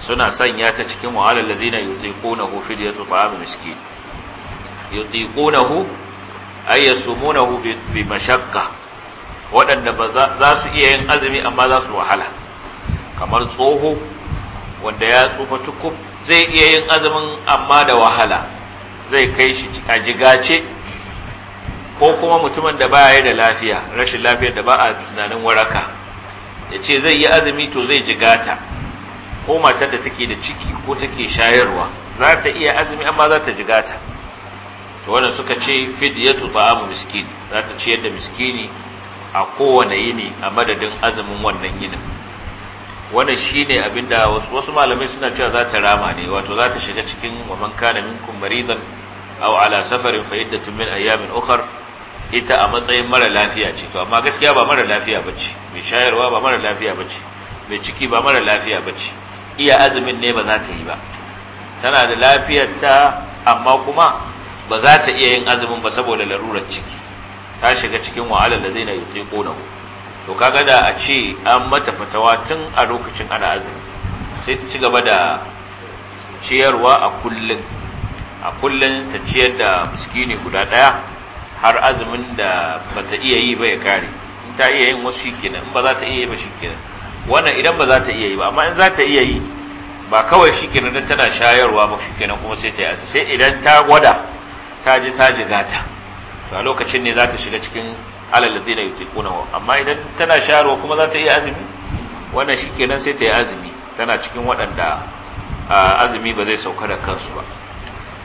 suna sanya ta cikin wahalar ladina yutiqunahu fidyatu ta'am miskin yutiqunahu ay yasumunahu bi mashaqqa waɗanda ba za su iya yin azumi amma za su wahala kamar tsoho wanda ya tsufa tukub zai iya yin azumin amma da wahala zai kai shi a jigace ko kuma mutumin da baya da lafiya rashin lafiyar da ba a tunanin waraka ya ce zai yi azumi to zai jigata ko matar da take da ciki ko take shayarwa za ta iya azumi amma za ta jigata to wannan suka ce fidyatu ta'amu miskin za ta ciyar da miskini a kowane yini a madadin azumin wannan yinin wannan shine abinda wasu wasu malamai suna cewa za ta rama ne wato za ta shiga cikin wa man kana minkum maridan aw ala safarin fa iddatun min ayyamin ukhra ita a matsayin mara lafiya ce to amma gaskiya ba mara lafiya bace mai shayarwa ba mara lafiya bace mai ciki ba mara lafiya bace iya azumin ne ba za ta yi ba tana da lafiyar ta amma kuma ba za ta iya yin azumin ba saboda larurar ciki ta shiga cikin wahalar da zai na yi ko na to kaga da a ce an mata fatawa tun a lokacin ana azumi sai ta ci gaba da ciyarwa a kullum a kullum ta ciyar da miskini guda ɗaya har azumin da bata iya yi ba ya kare in ta iya yin wasu shikenan in ba za ta iya yi ba shikenan wannan idan ba za ta iya yi ba amma in za ta iya yi ba kawai shikenan dan tana shayarwa ba shikenan kuma sai ta yi azumi sai idan ta gwada ta ji ta ji gata to a lokacin ne za ta shiga cikin alal ladina yutiquna amma idan tana shayarwa kuma za ta iya azumi wannan shikenan sai ta yi azumi tana cikin waɗanda azumi ba zai sauka da kansu ba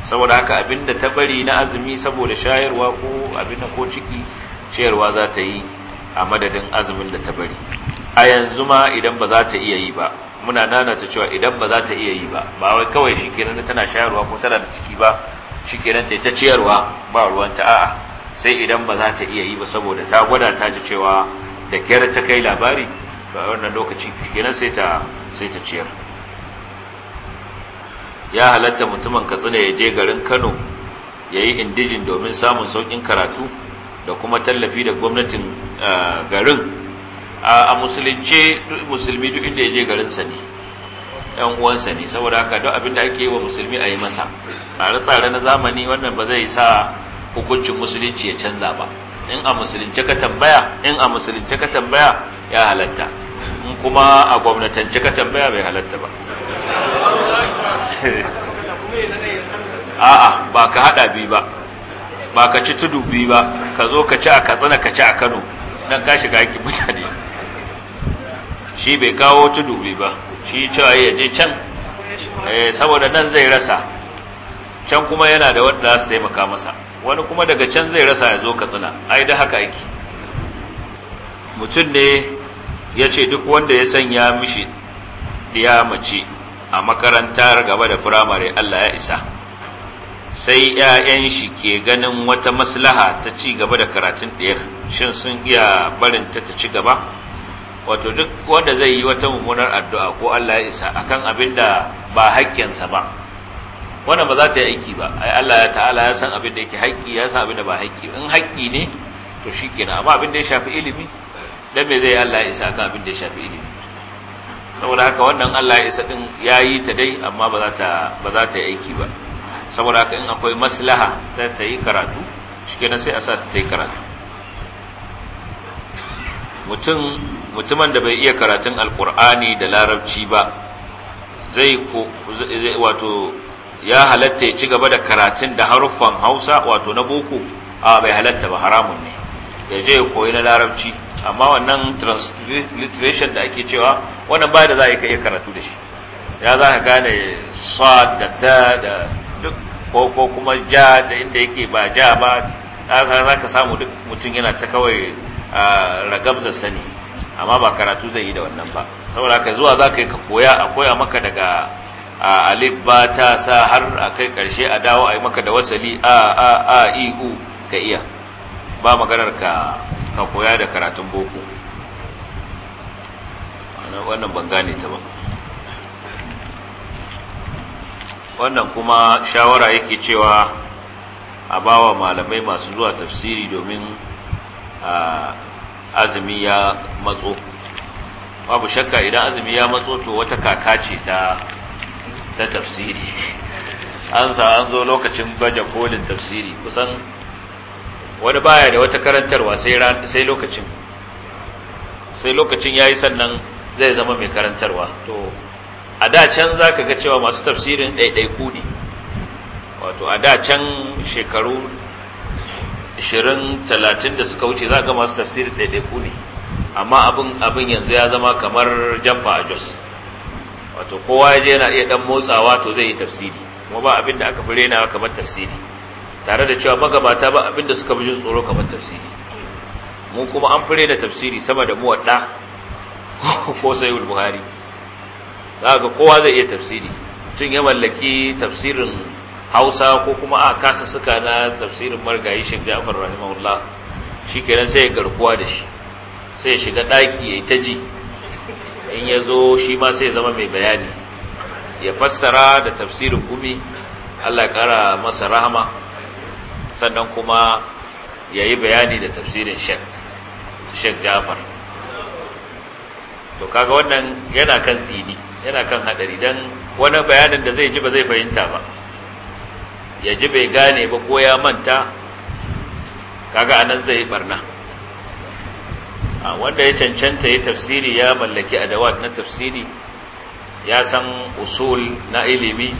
saboda haka abinda ta bari na azumi saboda shayarwa ko abinda ko ciki ciyarwa za ta yi a madadin azumin da ta bari a yanzu ma idan ba za ta iya yi ba muna nanata cewa idan ba za ta iya yi ba ba wai kawai shikenan tana shayarwa ko tana da ciki ba kenan ta ta ciyarwa ba ruwanta a'a sai idan ba za ta iya yi ba saboda ta gwada ta ji cewa da kyar ta kai labari ba wannan lokaci shikenan sai ta sai ta ciyar ya halatta mutumin katsina ya je garin kano ya yi indijin domin samun saukin karatu da kuma tallafi da gwamnatin garin a musulunce musulmi duk inda ya je garinsa ne yan uwansa ne saboda haka duk abin da ake yi wa musulmi a yi masa tsare-tsare na zamani wannan ba zai sa hukuncin musulunci ya canza ba in a musulunce ka tambaya in a musulunce ka tambaya ya halatta in kuma a gwamnatance ka tambaya bai halatta ba [LAUGHS] a'a ba ka hada bi ba ba ka ci tudu bi ba ka zo ka ci a katsina ka ci a kano don ka shiga yake mutane shi bai kawo tudu bi ba shi cewa ya je can eh, saboda nan zai rasa can kuma yana da wadda za su taimaka masa wani kuma daga can zai rasa ya zo katsina ai da haka aiki mutum ne ya ce duk wanda ya sanya mishi ya mace a makarantar gaba da firamare Allah ya isa sai 'ya'yan shi ke ganin wata maslaha ta ci gaba da karatun ɗiyar shin sun iya barin ta ta ci gaba wato duk wanda zai yi wata mummunar addu'a ko Allah ya isa a kan abin da ba haƙƙinsa ba wanda ba za ta yi aiki ba ai Allah ya ta'ala ya san abin da yake haƙƙi ya san abin da ba haƙƙi in haƙƙi ne to shi kenan, amma abin da ya shafi ilimi don me zai Allah ya isa akan abin da ya shafi ilimi saboda haka wannan Allah ya isa din ya yi ta dai amma ba za ta ba za ta yi aiki ba saboda haka in akwai maslaha ta ta yi karatu shikenan sai a sa ta ta yi karatu mutum mutumin da bai iya karatun alkur'ani da larabci ba zai wato ya halatta ya ci gaba da karatun da haruffan hausa wato na boko a bai halatta ba haramun ne ya ya koyi na larabci amma wannan transliteration da ake cewa wannan ba da za a yi karatu da shi ya za ka gane sad da ta da duk ko ko kuma ja da inda yake ba ja ba za ka samu duk mutum yana ta kawai ragabza sani amma ba karatu zai yi da wannan ba saboda ka zuwa za ka yi ka koya a koya maka daga alif ba ta sa har a kai karshe a dawo a yi maka da wasali a a a i ka iya ba maganar ka ka koya da karatun boko wannan ban gane ta ba wannan kuma shawara yake cewa a bawa malamai masu zuwa tafsiri domin azumi ya matso babu shakka idan azumi ya matso to wata kaka ce ta ta tafsiri [LAUGHS] an sa an zo lokacin baje kolin tafsiri kusan wani baya da wata karantarwa sai lokacin sai lokacin ya yi sannan zai zama mai karantarwa to a da can za ka ga cewa masu tafsirin ɗaiɗaiku ne wato a da can shekaru 20-30 da suka wuce za ga masu tafsirin ɗaiɗaiku ne amma abin yanzu ya zama kamar jamfa a jos wato kowa ya je yana iya ɗan motsawa to zai yi tafsiri kuma ba abin da aka fi rena kamar tafsiri tare da cewa magabata ba abinda suka bi jin tsoro kamar tafsiri mu kuma an fure da tafsiri sama da muwadda ko sai buhari za ga kowa zai iya tafsiri tun ya mallaki tafsirin hausa ko kuma a kasa suka na tafsirin margayi shek ja'far rahimahullah shi kenan sai ya garkuwa da shi sai ya shiga ɗaki ya yi ta ji in ya zo shi ma sai ya zama mai bayani ya fassara da tafsirin gumi allah ya ƙara masa rahama sannan kuma ya yi bayani da tafsirin shek jafar to kaga wannan yana kan tsini yana kan hadari don wani bayanin da zai ji ba zai fahimta ba ya ji bai gane ba ko ya manta kaga anan zai barna wanda ya cancanta yi tafsiri ya mallaki adawat na tafsiri ya san usul na ilimi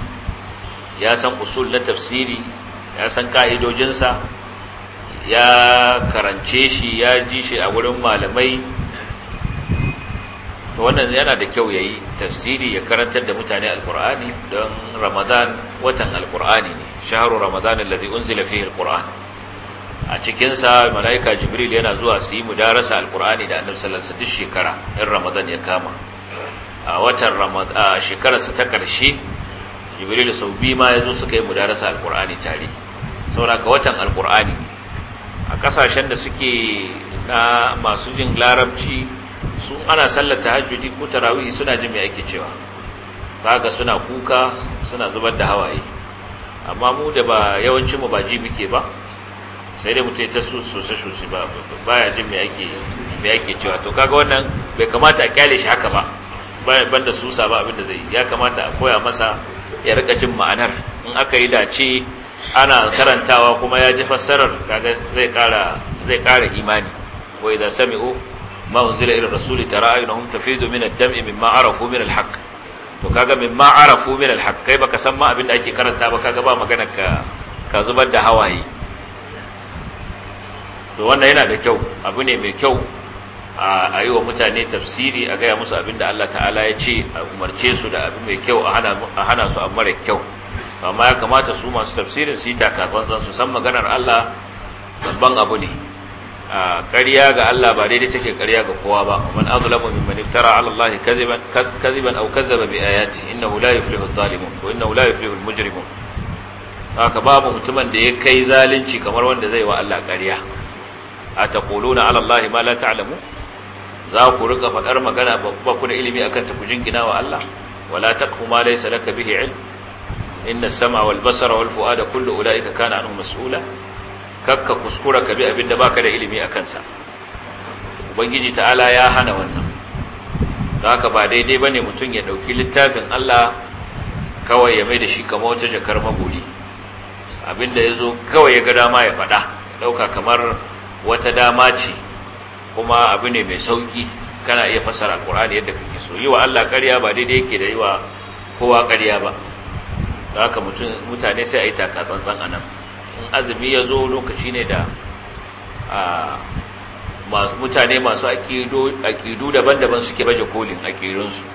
ya san usul na tafsiri ya san ka'idojinsa ya karance shi ya ji shi a wurin malamai to wannan yana da kyau ya yi tafsiri ya karantar da mutane alkur'ani don ramadan watan alkur'ani ne shaharu ramadan alladhi unzila fihi alquran a cikinsa malaika jibril yana zuwa su yi darasa alkur'ani da annabi sallallahu alaihi wasallam shekara in ramadan ya kama a watan ramadan shekarar sa ta karshe jibril sau biyu ma ya zo suka yi darasa alkur'ani tare saboda watan alkur'ani a kasashen da suke na masu jin larabci su ana sallar tahajjudi ko tarawihi suna jin mai ake cewa kaga suna kuka suna zubar da hawaye amma mu da ba yawancin mu ba ji muke ba sai dai mutai ta sosai sosai ba baya jin mai ake cewa to kaga wannan bai kamata a kyale shi haka ba banda susa ba abin da zai ya kamata a koya masa ya rika jin ma'anar in aka yi dace ana karantawa kuma ya ji fassarar kaga zai kara zai kara imani wa idza sami'u ma unzila ila rasuli tara ayunahum tafidu min ad-dam'i mimma arafu min al-haqq to kaga mimma arafu min al-haqq kai baka san ma abin da ake karanta ba kaga ba magana ka ka zubar da hawaye to wannan yana da kyau abu ne mai kyau a yi wa mutane tafsiri a gaya musu abin da Allah ta'ala ya ce a umarce su da abu mai kyau a hana su a mara kyau amma ya kamata su masu tafsirin su yi takatsantsan su san maganar Allah babban abu ne a ƙarya ga Allah ba daidai take ƙarya ga kowa ba man azlamu mimman iftara ala Allah kadhiban kadhiban aw kadhaba bi ayatihi innahu la yuflihu adh-dhalimun wa innahu la yuflihu al-mujrimun saka babu mutumin da ya kai zalunci kamar wanda zai wa Allah ƙarya a taquluna ala Allah ma la ta'lamu za ku rika faɗar magana ba ku da ilimi akan ta ku jingina wa Allah wala taqfu ma laysa laka bihi ilm inna sama wal basara wal fuada kullu ulaika kana anhu mas'ula kakka kuskura ka bi abin da baka da ilimi akan sa ubangiji ta'ala ya hana wannan haka ba daidai bane mutum ya dauki littafin Allah kawai ya mai da shi kamar wata jakar maguri abinda yazo kawai ya ga dama ya fada dauka kamar wata dama ce kuma abu ne mai sauki kana iya fasara alqur'ani yadda kake so yi wa Allah ƙarya ba daidai yake da yi wa kowa ƙarya ba da haka mutane sai a yi takatsantsan a nan in azumi ya zo lokaci ne da mutane masu aƙidu daban-daban suke baje kolin aƙirinsu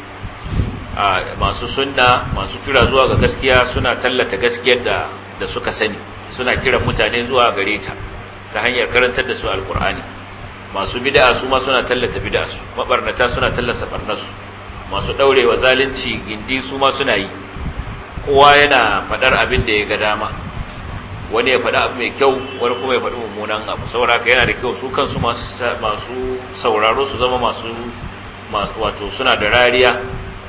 masu sunna masu kira zuwa ga gaskiya suna tallata gaskiyar da, suka sani suna kiran mutane zuwa gare ta ta hanyar karantar da su alkur'ani masu bida'a su ma suna tallata bid'a su mabarnata suna tallata barnasu masu ɗaurewa zalunci gindi su ma suna yi kowa yana faɗar abin da ya ga dama wani ya faɗi abu mai kyau wani kuma ya faɗi mummunan abu saura ka yana da kyau su kansu masu sauraro su zama masu wato suna da rariya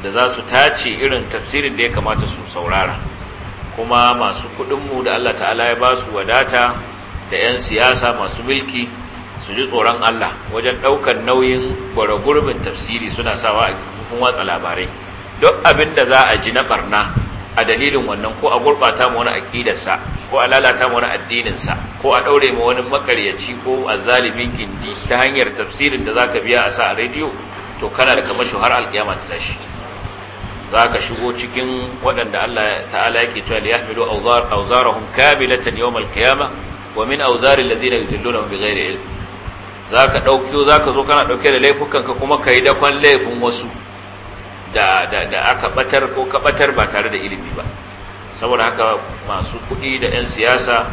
da za su tace irin tafsirin da ya kamata su saurara kuma masu kuɗinmu da Allah ta'ala ya ba su wadata da 'yan siyasa masu mulki su ji tsoron Allah wajen ɗaukar nauyin gwara tafsiri suna sawa a kuma watsa labarai duk abin da za a ji na barna a dalilin wannan ko a gurɓata mu wani aƙidarsa ko a lalata mu wani addininsa ko a ɗaure ma wani makaryaci ko a zalimin gindi ta hanyar tafsirin da zaka biya a sa a rediyo to kana da kamashin har alƙiyama ta tashi za ka shigo cikin waɗanda Allah ta'ala yake cewa li yahmilu awzarahum kamilatan yawm al-qiyamah wa min awzari alladhina yudilluna bi ghairi ilm za ka ɗauki za ka zo kana ɗauke da laifukanka kuma ka yi dakon laifin wasu da aka batar ko ka batar ba tare da ilimi ba saboda haka masu kuɗi da 'yan siyasa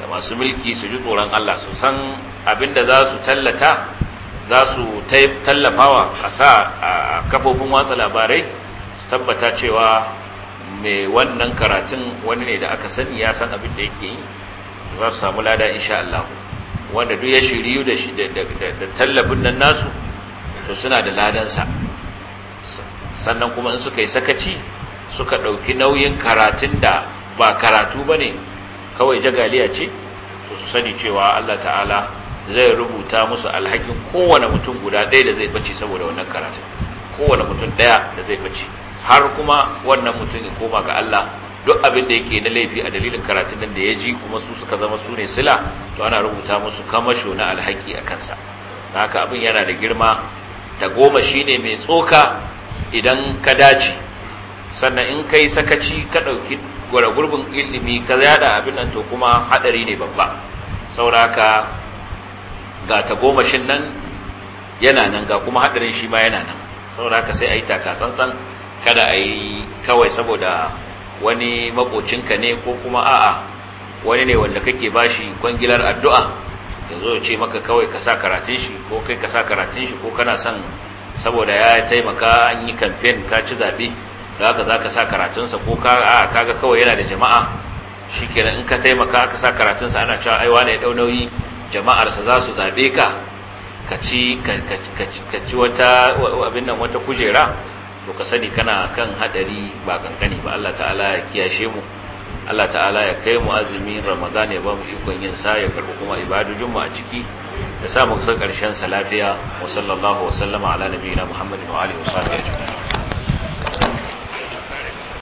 da masu mulki su ji tsoron Allah su san da za su tallata za su tallafawa a sa a kafofin watsa labarai su tabbata cewa mai wannan karatun wani ne da aka sani ya san abin da yake yi za su samu lada insha Allah wanda duk ya shiryu da tallafin nan nasu to suna da ladansa sannan kuma in suka yi sakaci suka ɗauki nauyin karatun da ba karatu ba ne kawai jagaliya ce to su sani cewa allah ta'ala zai rubuta musu alhakin kowane mutum guda ɗaya da zai bace saboda wannan karatun kowane mutum ɗaya da zai bace har kuma wannan mutum ya koma ga allah duk abin da yake na laifi a dalilin karatun nan da ya ji kuma su suka zama su ne sila to ana rubuta musu kamasho na alhaki a kansa haka abin yana da girma ta goma shine mai tsoka idan ka dace sannan in kai sakaci ka ɗauki gwada ilimi ka yada abin nan to kuma haɗari ne babba sauraka ga ta goma shi nan yana nan ga kuma haɗarin shi ma yana nan sauraka sai a yi takatsantsan kada a yi kawai saboda wani maƙocinka ne ko kuma a'a wani ne wanda kake ba shi kwangilar addu'a yanzu ya ce maka kawai ka sa karatun shi ko kai ka sa karatun shi ko kana son saboda ya taimaka an yi kamfen ka ci zaɓe da haka za ka sa karatunsa ko kaga kawai yana da jama'a shi kenan in ka taimaka ka sa karatunsa ana cewa aiwa ne ɗau nauyi jama'arsa za su zaɓe ka ka ci wata abin nan wata kujera to ka sani kana kan haɗari ba kankani ba Allah ta'ala ya kiyashe mu Allah ta'ala ya kai mu azumin Ramadan ya ba mu ikon yin sa ya karɓi kuma ibadu mu a ciki da samu kusan karshen sa lafiya wa sallallahu ala na muhammadin wa alihi wa sahbihi